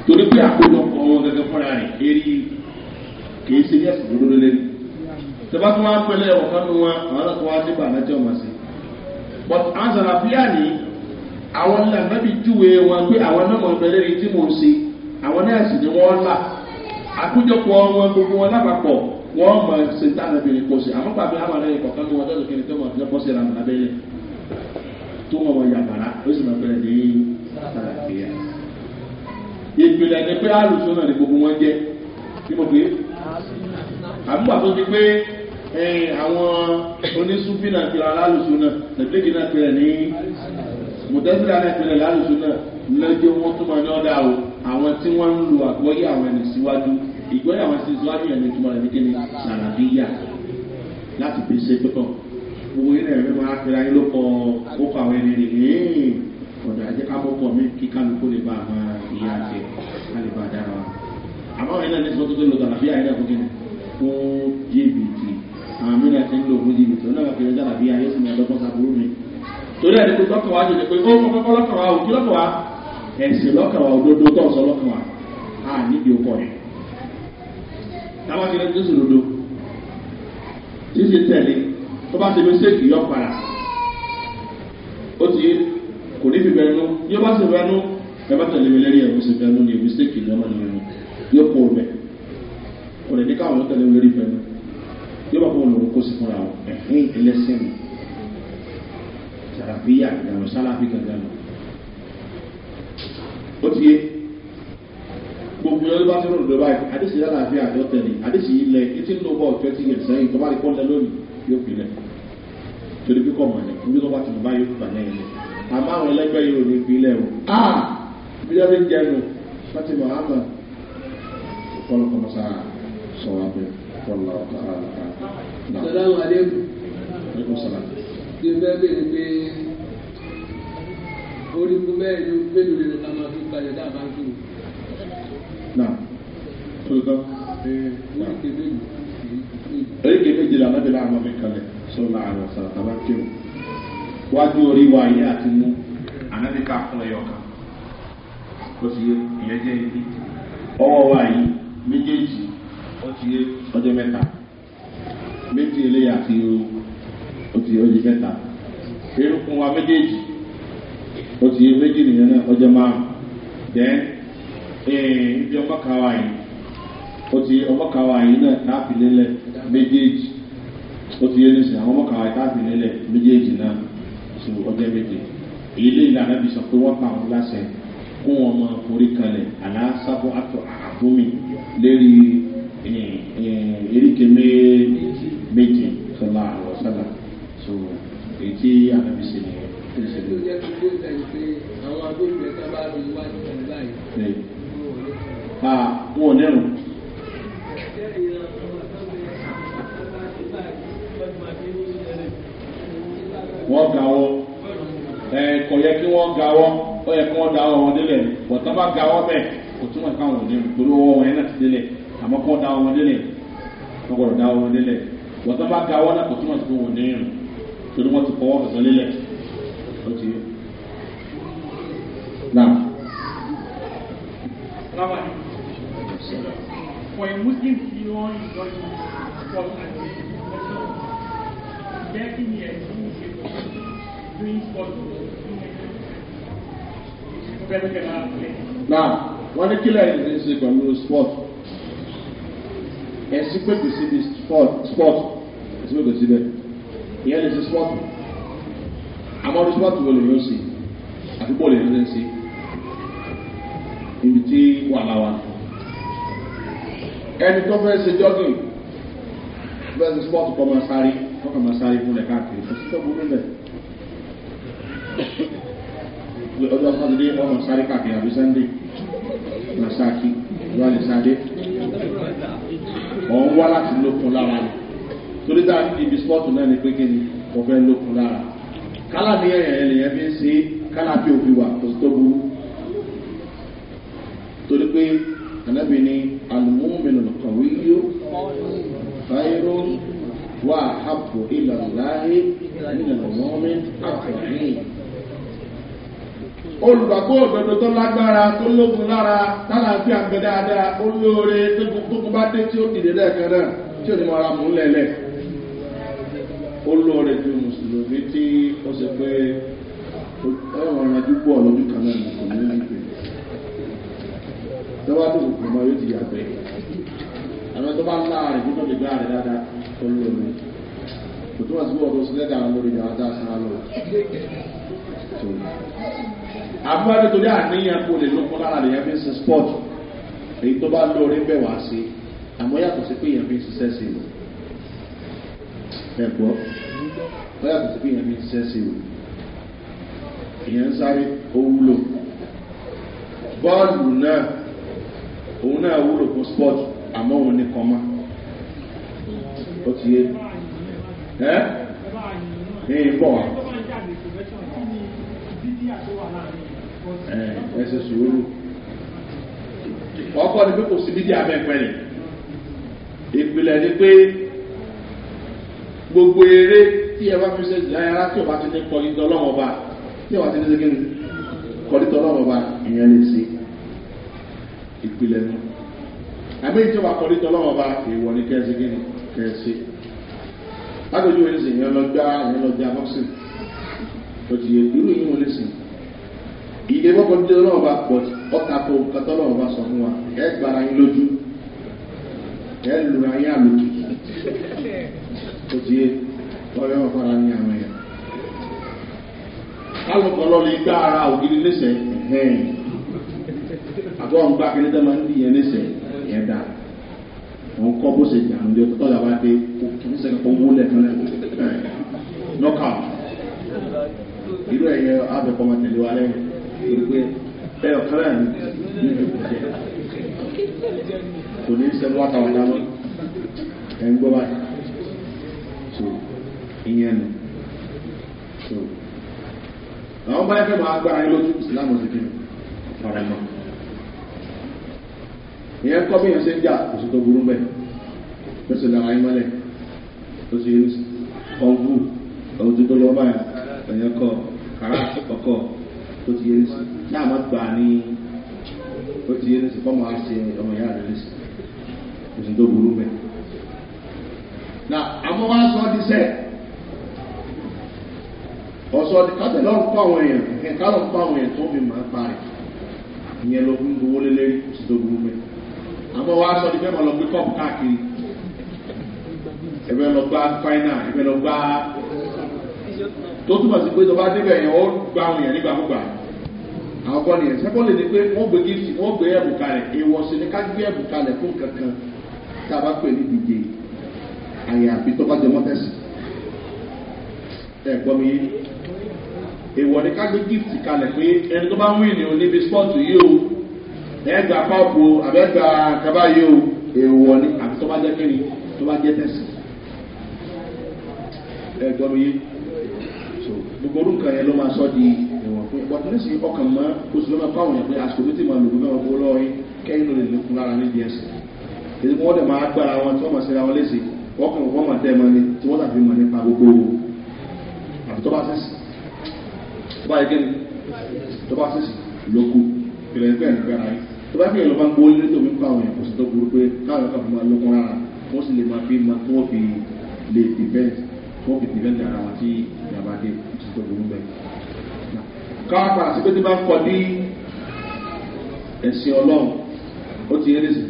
Speaker 1: torí pé àkójọpọ̀ wọn gẹ́gẹ́ fúnra rẹ̀ eré kìí ṣe ní ẹ̀sìn dúró lórí tẹ́bá tó wá pẹ́lẹ́ ọ̀kan nu wọn àwọn àlọ́ tó wá dé bàbá àwọn ńlá nábì júwe wọn pé àwọn náà mọ̀ ìbẹ̀lẹ̀ rẹ̀ tí mo ṣe àwọn náà sì ni wọ́n là àkójọpọ̀ wọn gbogbo wọn lápapọ̀ wọ́n mọ̀ ṣe dáná bí kò sí àmọ́ pàbí àwọn ẹ̀rẹ́ ìkọ̀kan ní wọn tó lókè ní tó mọ̀ ní ọkọ̀ sí ra mọ̀ lábẹ́rẹ́ tó mọ̀ wọ yàgbára ó sì mọ̀ bẹ̀rẹ̀ ní sàràkìyà. ìpìlẹ̀ ni pé àlùsùn náà ni gbogbo wọn jẹ́ kí mo pè é àmú àtúntí pé àwọn onísùnfínà pèrè alálùsùn náà lẹ́gbẹ̀ẹ́ náà pèrè ní mùtẹ́sílẹ̀ àrẹ̀tẹ̀lẹ̀ lálùsùn náà lọ́jọ́ wọn tún máa ní ọ̀dà o àwọn tí wọ́n ń lo àgbọ́yé àwọn ẹni síwájú ìgbọ́yé àwọn ẹni síwájú yẹn ní túmọ̀ rẹ̀ nìkéni sàràbíyà láti fi ṣe pẹ́kọ̀ gbogbo yìí náà ẹ̀rọ máa fẹ́ra yín ló kọ ó kọ àwọn ẹni rẹ̀ ọ̀dà ajẹ́ ká mọ́kọ̀ mi kí kálukú lè bá àwọn ìyá àti ká dára wa àmọ́ àwọn ẹni sọ́kọ́ tó lò tàlàfíà yìí fún kíni fún jìbìtì àwọn mìíràn ti ń lò fún jìbìtì ó náà fi ẹjọ́ sì ní ọlọ́gbọ́n sábúrú mi torí ẹni pé tọkàn wa jù ní pé ó kọ́kọ́ lọ́kàn wa òkú lọ́kàn wa ẹ̀sìn lọ́kàn wa òdodo tó ọ̀sán lọ́kàn wa á níbi òkọ rẹ̀ táwọn ti rẹ̀ ní sùn lódo títí tẹ̀lé tó bá ti fi séèkì yọ padà ó ti kò ní fi bẹ̀rẹ̀ nú yóò bá sì bẹ̀rẹ̀ nú ẹ bá tẹ̀lé mi lẹ́rí ẹ̀ mo sì bẹ̀rẹ̀ nú ni èmi séèkì ní ọmọ nìyẹn yóò pọ̀ bẹ̀ kò lè ní káwọn tẹ̀lé mi lórí bẹ̀rẹ̀ yóò bá kó sí fúnra sàràfíà ìdàrọ̀ sálàfí gangan lọ. ó ti yé gbogbo yẹn ló bá sọ̀rọ̀ lọ́dọ̀ báyìí àdéṣe lálàáfíà àjọ tẹ̀lé àdéṣe yìí lẹ etí ló bọ̀ twenty years sẹ́yìn tó bá lè kọ́lẹ̀ lónìí yóò fi lẹ̀ torí pé kọ́ mọ̀lẹ́ níbi tó bá ti bá yóò gbà lẹ́yìn lẹ̀ àmọ́ àwọn ẹlẹ́gbẹ́ yìí ò ní fi lẹ̀ o a bí wọ́n fi ń jẹun láti mọ̀ àmọ́ ọ̀pọ̀lọpọ̀ mọ́sá sọ̀rọ̀ abẹ́ ọ̀pọ̀lọpọ̀ àlàkà. sọlá wà lẹ́kùn.
Speaker 2: tí ẹ bẹ́ẹ̀ bèèrè pé orígun mẹ́rin mélòó lè lọ́ta máa fi gbalẹ̀ dáàbá ń kí ni. nà
Speaker 1: tó tọ́. oríkè méjì. oríkè méjì làwọn ẹbí làwọn fi na sọ́nà àwọn ọ̀sán àtàwọn kéwù. wájú wa yé àti mú ànábi ká fún ẹyọ kan ó ti yé ìyẹn jẹ́ ibi ọwọ́ wa yìí méjèèjì ó ti yé méjì eléyà ti ó ti ó di mẹ́ta erékùn wa méjèèjì ó ti méjì nìyẹn náà ọjọ́ márùn dẹ́n eh, ibi ọmọkàwá yìí ó ti ọmọkàwá yìí náà táàpì lélẹ̀ méjèèjì ó ti yé ní sìn àwọn ọmọkàwá yìí táàpì lélẹ̀ méjèèjì náà sọ ọjọ́ méje èyí lè lànà bí sọ pé wọ́n pa àwọn láṣẹ kún wọn máa forí kalẹ̀ aláṣàbọ̀ àtọ̀ àbúmi lérí eh, eh, eríkèmé méje sọlá àwọn sọlá so èyí tí ànábi ṣe nìyẹn.
Speaker 2: ṣé ló jẹ́ kí ló jẹ́ pé àwọn agbófinró ká bá rí iwájú kan báyìí.
Speaker 1: wọn ò nẹ́rùn. Ah, wọ́n gawọ́ kò yẹ kí wọ́n gawọ́ ó yẹ kí wọ́n dawọ́ wọn délẹ̀ bọ̀tán bá gawọ́ bẹ́ẹ̀ kò túmọ̀ káwọn ò nẹ́rùn torí owó wọn yẹn náà ti délẹ̀ àmọ́ kí wọ́n dawọ́ wọn délẹ̀ wọ́n délẹ̀ bọ̀tán bá gawọ́ náà kò túmọ̀ sí pé wọ́n nẹ́rùn torí wọ́n ti fọwọ́ fẹ̀sẹ̀ lélẹ̀ ó ti yé. Now. Láwa ni, for a Muslim tí wọ́n ń lọ sí Paul àti Ẹ̀sọ́, jẹ́ kí ni ẹ̀sìn
Speaker 2: ṣe pọ̀ doing sport Now,
Speaker 1: wọ́n ní kílẹ̀ ẹ̀sìn ṣe pẹ̀lú sport. Ẹ̀sìn pèpè síbi sport, ẹ̀sìn pèpè síbẹ̀ ìyẹn lè ṣe spọ́ọ̀tù àmọ́ ọdún spọ́ọ̀tù wo lè yóò ṣe àti bọ́ọ̀lù yẹn lè ṣe ibi tí wà láwa ẹni tó fẹ́ ṣe jọ́gìn fẹ́ ṣe spọ́ọ̀tù kọ́ máa sáré kọ́ kọ́ máa sáré fún ẹ̀ káàkiri kò sí tó burú bẹ́ẹ̀ ọjọ́ sátidé ọmọ sáré káàkiri àbí sẹ́ndé na sáàkì ìwádìí sáré ọ̀ wá láti lókun lára torí tá a ibi spọ́ọ̀tù náà ni pé kí ni mo fẹ́ lókun lára kálá ní ẹ̀yàn ẹlẹ́yìn fi ń kálá òfin wà kò tó burú torí pé ànábì ni alùmọ́ọ̀mìnà kọ̀wé yó fáíró wà hapò ìlànà láàyè ìlànà mọ́mí àkàrẹ́yìn olùgbàgbọ́ òdodo tó lágbára tó lógun lára tálàáfíà nke dáadáa ó tó gbogbo bá dé tí ó dìde ó lóore ju mùsùlùmí tí ó ṣe pé ọ̀rọ̀ ọ̀rọ̀jú pọ̀ lójú kan náà kò ní ìpè tó bá dùn kò mọ yóò ti yàgbẹ́ àmọ́ tó bá láàrin tó tó lè gbá rẹ̀ dáadáa ó lóore kò tó wà sí ọ̀dọ̀ sílẹ̀ dáa lórí ìdáwà tá a sára lọ àbúrádé torí àníyàn kò lè lókun lára lè yẹn fi ń ṣe spọ́ọ̀tù èyí tó bá lóore bẹ̀ wá sí àmọ́ yàtọ̀ sí pé yẹn fi ń ṣiṣẹ́ sí i ẹ̀gbọ́ lọ́yà tó ti fi yẹn mi ṣiṣẹ́ sí o ìyẹn ń sáré ó wúlò bọ́ọ̀lù náà òun náà wúlò fún sport àmọ́ òun ní kan mọ́ ó ti yé ẹ́ ẹ̀yìn bọ̀ wá ẹsẹ̀ sòwòrò ọkọ̀ ni pé kò sí bídí abẹ́ pẹ́lẹ̀ ìpìlẹ̀ ni pé gbogbo eré tí ẹ bá fi ṣe ìyá ara tí ọba ti ní kọ ìtọ́ ọlọ́mọ ọba tí ọba ti ní segin kọ ìtọ́ ọlọ́mọ ọba ìyẹn lè ṣe ìpìlẹ̀ nù. àmì ìjọba kọ ìtọ́ ọlọ́mọ ọba èèwọ̀ ní kẹ́ẹ̀sì kí ni kẹ́ẹ̀sì. látọjú wọn sì ìyẹn lọ gbá ìyẹn lọ gbá boxing lọ́tí irú yìí wọn lè sìn. ìdè bọ́kọ̀ ìtọ́ ọlọ́mọ ọba pọ̀ ọ̀tà tó kọ́tọ́ ọlọ́mọ ọba sọ fún tó ti yé lọ́rẹ́ wọn fara ní àwọn èèyàn kálùkọ́ lọ́ọ́ lè gbá ara ògiri lẹ́sẹ̀ ẹ̀hẹ́n àbọ̀ ń gbá kiri dẹ́mà ń di yẹn lẹ́sẹ̀ yẹn dà wọn kọ́ bó ṣe jà ń lé tọ́jà bá dé kó kí n sẹ́kẹ̀ kó wúlẹ̀ fún ẹ̀ nọ́kà irú ẹ̀yẹ abẹ́kọ̀ máa tẹ̀lé wa lẹ́yìn torí pé ẹ̀ ọ̀kẹ́rẹ́ ní ìdíje kò ní sẹ́nu wákàtà wọn dáná ẹ̀ ń gbọ́ báyìí so ìyẹn nù so àwọn bá fẹ́ máa gbára lójú ìsìlámù ti dùn fara mọ́ ìyẹn kọ́ bí yẹn ṣe ń jà kò sí tó burú bẹ́ẹ̀ lọ́sẹ̀ làwọn ayé mọ́lẹ̀ tó ṣe ọ̀gbù ọ̀gbù tó lọ́ báyà ẹ̀yẹ kọ́ kàrà ọkọ̀ tó ti yẹ ní sí náà má gbà ní ó ti yẹ ní sí fọ́ọ̀mù àṣẹ ọmọ ìyá rẹ̀ ní sí kò tó burú bẹ́ẹ̀. na amọwa sọ ọ́ ọsọ dị ọ̀sọ̀ kátẹ̀lẹ́ ọ̀rùn kọ́ àwọn èèyàn kẹ̀kẹ́ lọ́rùn kọ́ àwọn èèyàn tó fi máa pa rẹ̀ ìyẹn ló ń gbowó tó sọ di fẹ́ máa lọ gbé káàkiri lọ gbá lọ gbá tó túmọ̀ sí pé débẹ̀ yẹn ó àwọn èèyàn àwọn kan nìyẹn pé gbé gíìsì gbé sí ni ká gbé fún kankan tá a bá pè ní àyàfi tó bá jẹmọ́ tẹ̀sí ẹ gbọ́ mi yé èwọ̀ ni ká gbé gift kalẹ̀ pé ẹni tó bá ń wíìnì o níbi spọ́ọ̀tù yìí o ẹgbà pápó àbẹ́gbà kaba yìí o èwọ̀ ni àti tó bá jẹ́ kí ni tó bá jẹ́ tẹ̀sí ẹ gbọ́ mi yé gbogbo orú nǹkan yẹn ló máa sọ di ìwọ̀n fún yẹn bọ́tù ní sìn ọkàn mọ́ oṣù lọ́mọ fáwọn yẹn pé àsìkò tó ti máa lògùn náà wọ́n lọ́ọ́ yín kẹ́yìn ló lè lékun lára ní díẹ̀ sí i èdè wọn dẹ̀ máa gbára wọn tí wọ́n máa ṣe ra wọn léṣe wọ́n kàn wọ́n mọ̀ tẹ́ mọ́ ni tí wọ́n tàbí mọ̀ nípa gbogbo àti tó bá sẹ́sì tó bá yẹ kí ni tó bá sẹ́sì lóku ìrẹ̀ ẹgbẹ́ ẹ̀gbẹ́ ara yìí tó bá kéèyàn ló bá ń gbó lé tóbi ń pa àwọn ẹ̀kọ́ sí tó burú pé káwọn ẹ̀kọ́ fún wa lókun rárá wọ́n sì lè máa fi máa tó wọ́n fi lè dìbẹ́ǹtì tó wọ́n fi dìbẹ́ǹtì ara wọn tí ìjàmbá dé sí tó burú bẹ́ẹ̀. káwọn padà pé tí bá ń kọ ní ẹ̀sìn ọlọ́run ó ti yé lẹ́sìn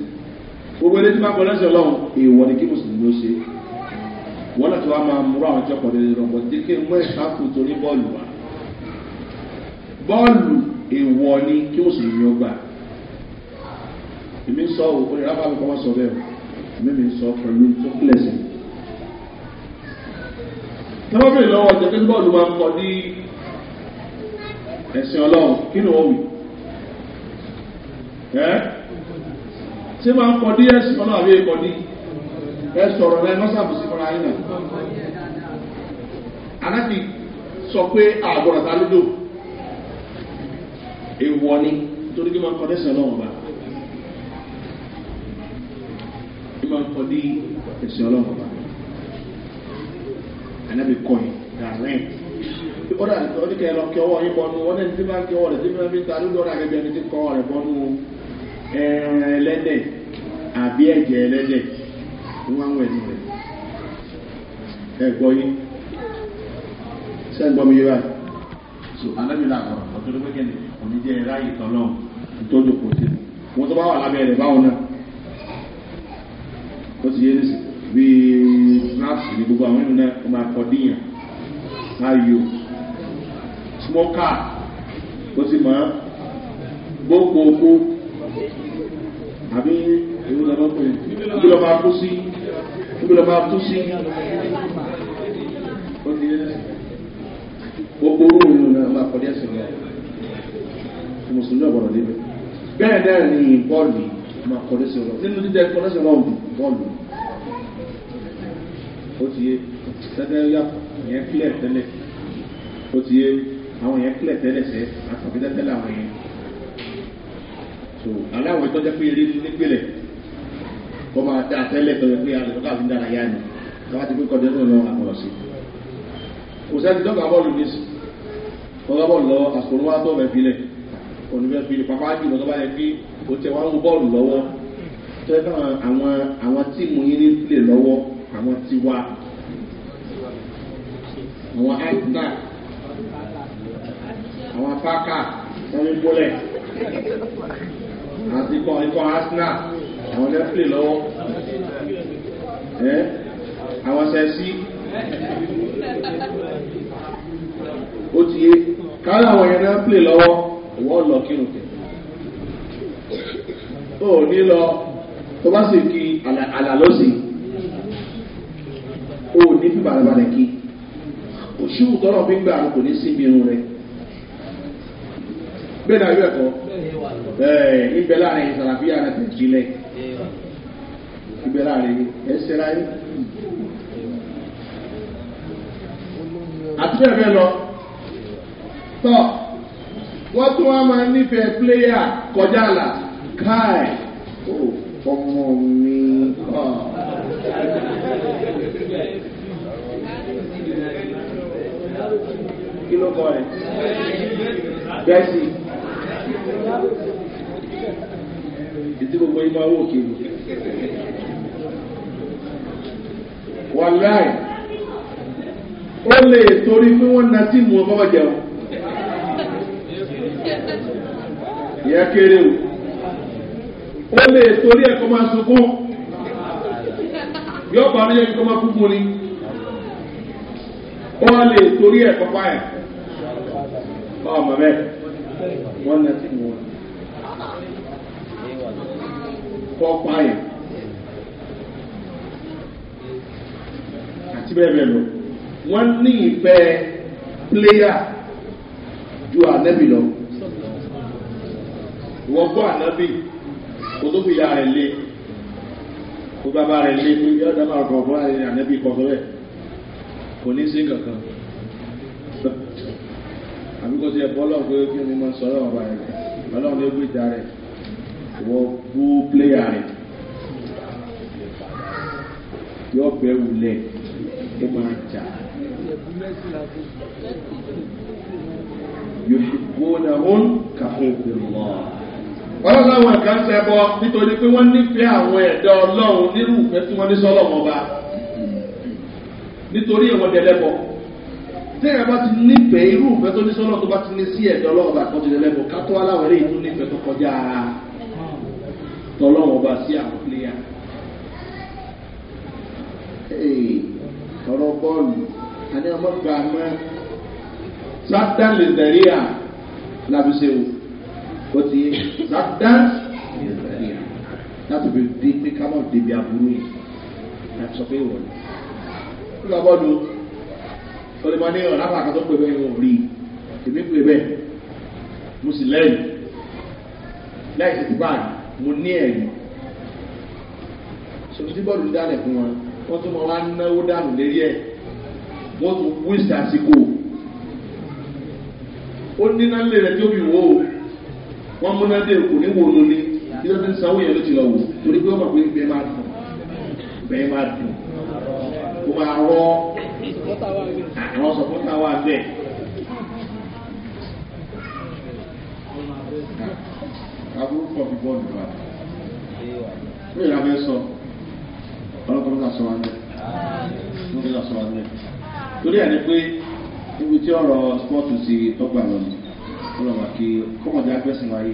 Speaker 1: gbogbo ilé tí bá kọ lẹ́sẹ̀ lọ́wọ́ èèwọ̀ ni kí mùsùlùmí ó ṣe wọ́n láti wá máa múra àwọn ìjọpọ̀ lẹ́lẹ́ rọ̀bọ̀ tí kí mú ẹ̀ka kù torí bọ́ọ̀lù wa bọ́ọ̀lù èèwọ̀ ni kí mùsùlùmí ó gbà èmi ń sọ ò kó lè rábà sọ bẹ́ẹ̀ èmi mi ń sọ pẹ̀lú tó kílẹ̀ sí. tọ́lọ́bìnrin lọ́wọ́ ọ̀jẹ̀ pé bọ́ọ̀lù máa ń kọ ní ẹ̀sìn ọlọ́run kí ni ó wì? ṣé máa ń kọdí ẹ̀sìn ọ̀nà àbí ìkọdí ẹ sọ̀rọ̀ rẹ mọ́sàbù sí fúnra yín náà. anábì sọ pé àgọ́rọ̀ ta lódò èèwọ̀ ni nítorí kí máa ń kọdí ẹ̀sìn ọlọ́run bá kí máa ń kọdí ẹ̀sìn ọlọ́run bá anábì kọ́ yìí direct ó dà ní kẹ́ ẹ lọ kí ọwọ́ yín bọ́nu ó dẹ̀ tí máa ń kí ọwọ́ rẹ̀ tí máa ń fi ta lódò ọ̀rẹ́ àgẹ́bí ẹni tí kọ́ ọ̀rẹ́ bọ́nu ẹran ẹlẹ́dẹ̀ àbí ẹ̀jẹ̀ ẹlẹ́dẹ̀ wọ́n wẹ̀ ní rẹ̀ ẹ̀gbọ́ sẹ́gbọ́ mi yíra so alábìlà àkọ́rọ̀ ọ̀tọ́dọ́ pé kẹ́ni òní jẹ́ ìtọ́jú kò sí tó bá wà lábẹ́ rẹ̀ báwọn náà ó ti yé bí snaps ní gbogbo àwọn ènìyàn máa kọ díyàn smoker ó ti máa àbí ìwé lọ́mọ pé ibi lọ́mọ akú sí ibi lọ́mọ akú sí gbogbo owó ìlú náà máa kọ́ díẹ̀ sí ní ọ̀rọ̀ mùsùlùmí ọ̀bọ̀rọ̀ níbẹ̀ bẹ́ẹ̀ náà ni bọ́ọ̀lù máa kọ́ díẹ̀ sí ọ̀rọ̀ nínú dídẹ́ kọ́ díẹ̀ sí ọ̀rọ̀ bọ́ọ̀lù ó ti yé tẹ́tẹ́ yàtọ̀ ìyẹn kílẹ̀ tẹ́lẹ̀ ó ti yé àwọn ìyẹn kílẹ̀ tẹ́lẹ̀ sẹ́ àtàkùn tẹ́tẹ́lẹ̀ àwọn ìyẹn so aláwọ̀ ìtọ́jẹ́ pé eré nípìnlẹ̀ kọ́ máa dá àtẹ́lẹ̀ tọ́jẹ́ pé alẹ́ lọ́kà fi ń dára yá ni káwá ti pé kọ́ dẹ́sẹ̀ lọ́wọ́ àmọ̀ràn sí. kò sẹ́ni dọ́gba bọ́ọ̀lù ní sí ọgá bọ́ọ̀lù lọ àsòrò wa tọ́ bẹ̀ filẹ̀ oníbẹ̀ filẹ̀ pàpà jù lọ́gá bá yẹ kí o tẹ wọn bọ́ọ̀lù lọ́wọ́ tẹ́ àwọn àwọn tíìmù yín ní pìlẹ̀ lọ́wọ́ àwọn tiwa àwọn àìsàn àwọn apáka wọn ń bọ́lẹ̀ àti ikọ̀ ikọ̀ asna àwọn ní ẹ̀fìlè lọ́wọ́ àwọn sẹ́sí ó ti yé káwọn àwọn yẹn ní ẹ̀fìlè lọ́wọ́ wọ́n lọ kírun tẹ̀ ó ní lọ tó bá sì kí àlàlọ́sì ó ní fíbalẹ̀ balẹ̀ kí òṣùwù tọ́rọ̀ fi ń gbà kò ní sí irun rẹ̀ bẹ́ẹ̀ náà yóò ẹ̀kọ́ bẹ́ẹ̀ ibẹ̀ láàrin ìsàlàfíà náà tẹ̀ sílẹ̀ ibẹ̀ láàrin ẹsẹ̀ láyé àti bẹ́ẹ̀ bẹ́ẹ̀ lọ tọ́ wọ́n tún wá máa nífẹ̀ẹ́ pléyà kọjá àlà káì
Speaker 2: ọmọ mi kọ́.
Speaker 1: kí ìdí gbogbo yìí máa wò kiri wàláì ó lè torí pé wọ́n na sí mu ọmọ ọjà o ìyá kéré o ó lè torí ẹ̀kọ́ máa sunkún
Speaker 2: yọ ọ̀pọ̀ àwọn ẹ̀kọ́ máa kúkú ni
Speaker 1: wọ́n lè torí ẹ̀kọ́ pààyà ọmọ mẹ́ wọ́n na sí mu wọn. kọ́ pààyàn àti bẹ́ẹ̀ bẹ́ẹ̀ lọ wọ́n ní ìfẹ́ pléyà ju ànẹ́bì lọ wọ́n gbọ́ ànẹ́bì kó rẹ̀ lé kó bàbá rẹ̀ lé kó yọ dábàá ọkọ̀ ọ̀bọ̀ ànẹ́bì kọ̀ sọ́wẹ́ kò ní sí kankan àbíkó ẹ̀ bọ́ lọ́wọ́ kí ni mo sọ lọ́wọ́ bá rẹ̀ lọ́wọ́ ló gbé ìjà rẹ̀ wọ́n bú pléyà rẹ̀ yọ bẹ́ wulẹ̀ ó máa jà yòṣùgbó náà ó ń kàfún ìpinnu wọn. wọ́n láwọn kan ṣẹbọ nítorí pé wọ́n nífẹ̀ẹ́ àwọn ẹ̀dá ọlọ́run nírú ìfẹ́ tí wọ́n ní sọ́lọ́ wọn bá nítorí ìwọ́n dẹ̀lẹ́bọ̀ téèyàn bá ti nífẹ̀ẹ́ irú ìfẹ́ tó ní sọ́lọ́ tó bá ti ní sí ẹ̀dá ọlọ́run bá kọ́ ti dẹ̀lẹ́bọ̀ ká tó aláwọ̀ eré yìí tó nífẹ̀ẹ́ tó kọjá ara tọ́lọ́wọ́n bá sí àwọn píléyà. ọ̀rọ̀ bọ́ọ̀lù àní ọmọ gbà mọ́ sátán lè tẹ̀lé à lábísẹ́ o ó ti sátán lè tẹ̀lé à láti fi di pé ká má débi aburú yìí láti sọ pé ìwọ̀n. ó lọ bọ́ọ̀lù olùmọ̀ ní ọ̀nà àpàkàtọ́ pé bẹ́ẹ̀ wọ̀ rí èmi pé bẹ́ẹ̀ mo sì lẹ́yìn láì sì ti mo ní ẹ̀rí sọtí bọ́ọ̀lù dálẹ̀ fún wọn wọ́n tún máa wá náwó dànù lérí ẹ̀ wọ́n tún wíṣẹ̀ àsìkò ó ní nálẹ̀ rẹ̀ tí ó fi wò ó wọ́n múná dé kò ní wò lóní ilé tí ń sanwó yẹn ló ti lọ wò torí pé ó mọ̀ pé bẹ́ẹ̀ máa dùn bẹ́ẹ̀ máa dùn kó máa rọ́
Speaker 2: àwọn sọ̀kọ́tà wà bẹ́ẹ̀
Speaker 1: aburú pọ̀ fi bọ́ọ̀lù wa ní ìlànà sọ ọlọ́kùnrin náà sọ wá ní ọlọ́kùnrin náà sọ wá ní torí ẹni pé níbi tí ọ̀rọ̀ spọ́ọ̀tù ti tọ́gbà lọ ni ọlọ́wà kí kọ́mọ̀dé agbẹ́sìn wáyé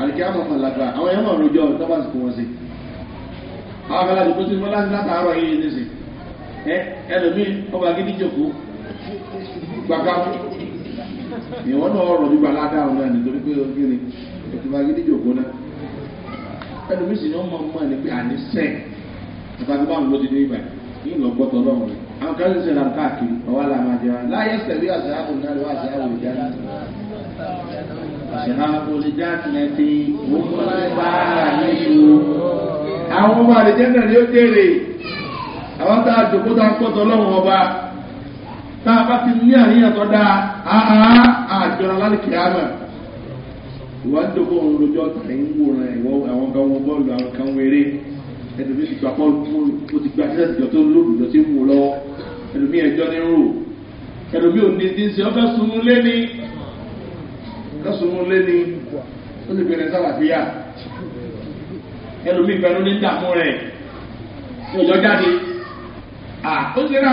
Speaker 1: àdìkẹ́ àmọ̀kan lágbára àwọn ẹ̀yọ́ mọ̀ rojọ́ tọ́gbàsì kò wọ́n sí àwọn afẹ́lá tó ti mọ́lá látàárọ̀ yìí ní sí ẹ ẹlòmíì ọba gidi jòkó gbàgbà ìwọ́n náà ọ̀rọ̀ nígbà ládàrún náà nítorí pé ogin ni ètò agídí jòkó náà ẹnu mi sì ni wọ́n mọ̀ mọ́ ni pé àní sẹ́ àtàkùn báwọn ló ti ní ibà yìí lọ gbọ́tọ̀ lọ́wọ́ rẹ̀ àwọn kan ṣe ra káàkiri ọwọ́ la máa jẹun láyé sẹ̀rí àṣàkùn náà lọ́wọ́ àṣàkùn ìjà náà àṣàkùn ìjà tilẹ̀ ti wọ́n mọ́ bá a níṣu àwọn ọmọ àdìjẹ́ náà ni ó dèrè àwọn tá a jòkó tá a kọ́tọ̀ lọ́wọ́ ọba tá a bá ti ní àníyàn tó dáa àá àjọra lálùkì àmà ìwà ń dògbò òun lójọ́ tà ń wòran ìwọ àwọn kan wọ bọ́ọ̀lù àwọn kan wéré ẹlòmíì ti gba bọ́ọ̀lù fún o ti gba ṣẹ́ṣẹ́ ìjọ tó lóògùn ìjọ tí ń wò lọ́wọ́ ẹlòmíì ẹjọ́ ní rò ẹlòmíì òní ti ń ṣe ọkọ̀ sunú léni ọkọ̀ sunú léni ó ti bẹ̀rẹ̀ sábàbíyà ẹlòmíì pẹ̀lú ní dààmú rẹ̀ ìjọ jáde à ó ti rà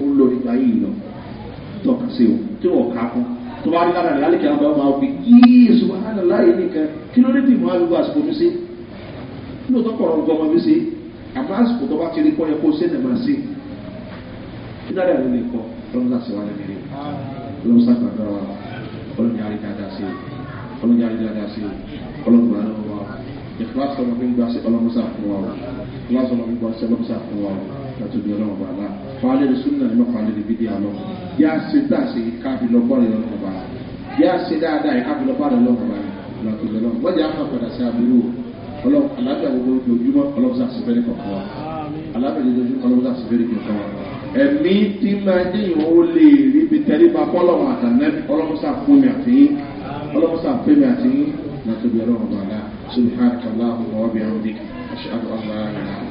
Speaker 1: ó lórí gba yìí lọ tọ́ka sí o tí wọ́n ká fún tó bá rí lára rẹ̀ lálẹ́ kí àwọn ọmọ ọmọ yìí subahana láyé nìkan kí ló dé bí mo á gbogbo àsìkò mi sí lóòótọ́ kọ̀ọ̀rọ̀ gbọ́ ọmọ mi sí àmọ́ àsìkò tó bá ti rí kọ́ yẹ kó sẹ́nà máa sí kí lára rẹ̀ lè kọ́ lọ́nà láti wà lẹ́nu rẹ̀ lọ́nà sàgbàgbà wa ọlọ́ni àrí dáadáa sí o ọlọ́ni àrí dáadáa sí o ọlọ́ni àrí dáadáa sí o ìfúlásọ̀rọ̀ mi gbà sí ọlọ́mọsà fún wa o ìfúlásọ̀rọ̀ mi gbà sí ọlọ́mọsà fún wa o látòdì ọlọ́run bá lá fàálẹ́ rẹ̀ súnà ní mọ́fàálẹ́ rẹ̀ bídí àlọ́ yá ṣe dá ṣe káfí lọ bọ́ọ̀lù ọlọ́run bá yá ṣe dáadáa káfí lọ bọ́ọ̀lù ọlọ́run bá látòdì ọlọ́run bọ́ọ̀lù yà máa padà sí àbúrò ọlọ́run alábẹ́ àgbègbè ojoojúmọ́ ọlọ́run sàṣẹfẹ́rẹ́ kọ̀ọ̀kan wa alábẹ́ ojoojúmọ́ ọlọ́run sàṣẹfẹ́rẹ́ kọ̀ọ̀kan wa ẹ̀mí tí máa ní ìhun ó lè rí bi tẹ́lẹ̀ bá fọ́lọ́run àtànẹ́bí ọlọ́run sàfúnmi àtìyín ọlọ́run sàfúnmi àtìyín látòdì ọlọ́run bá lá subhanahu wa ta'ala wa bihamdika ashhadu an la
Speaker 2: ilaha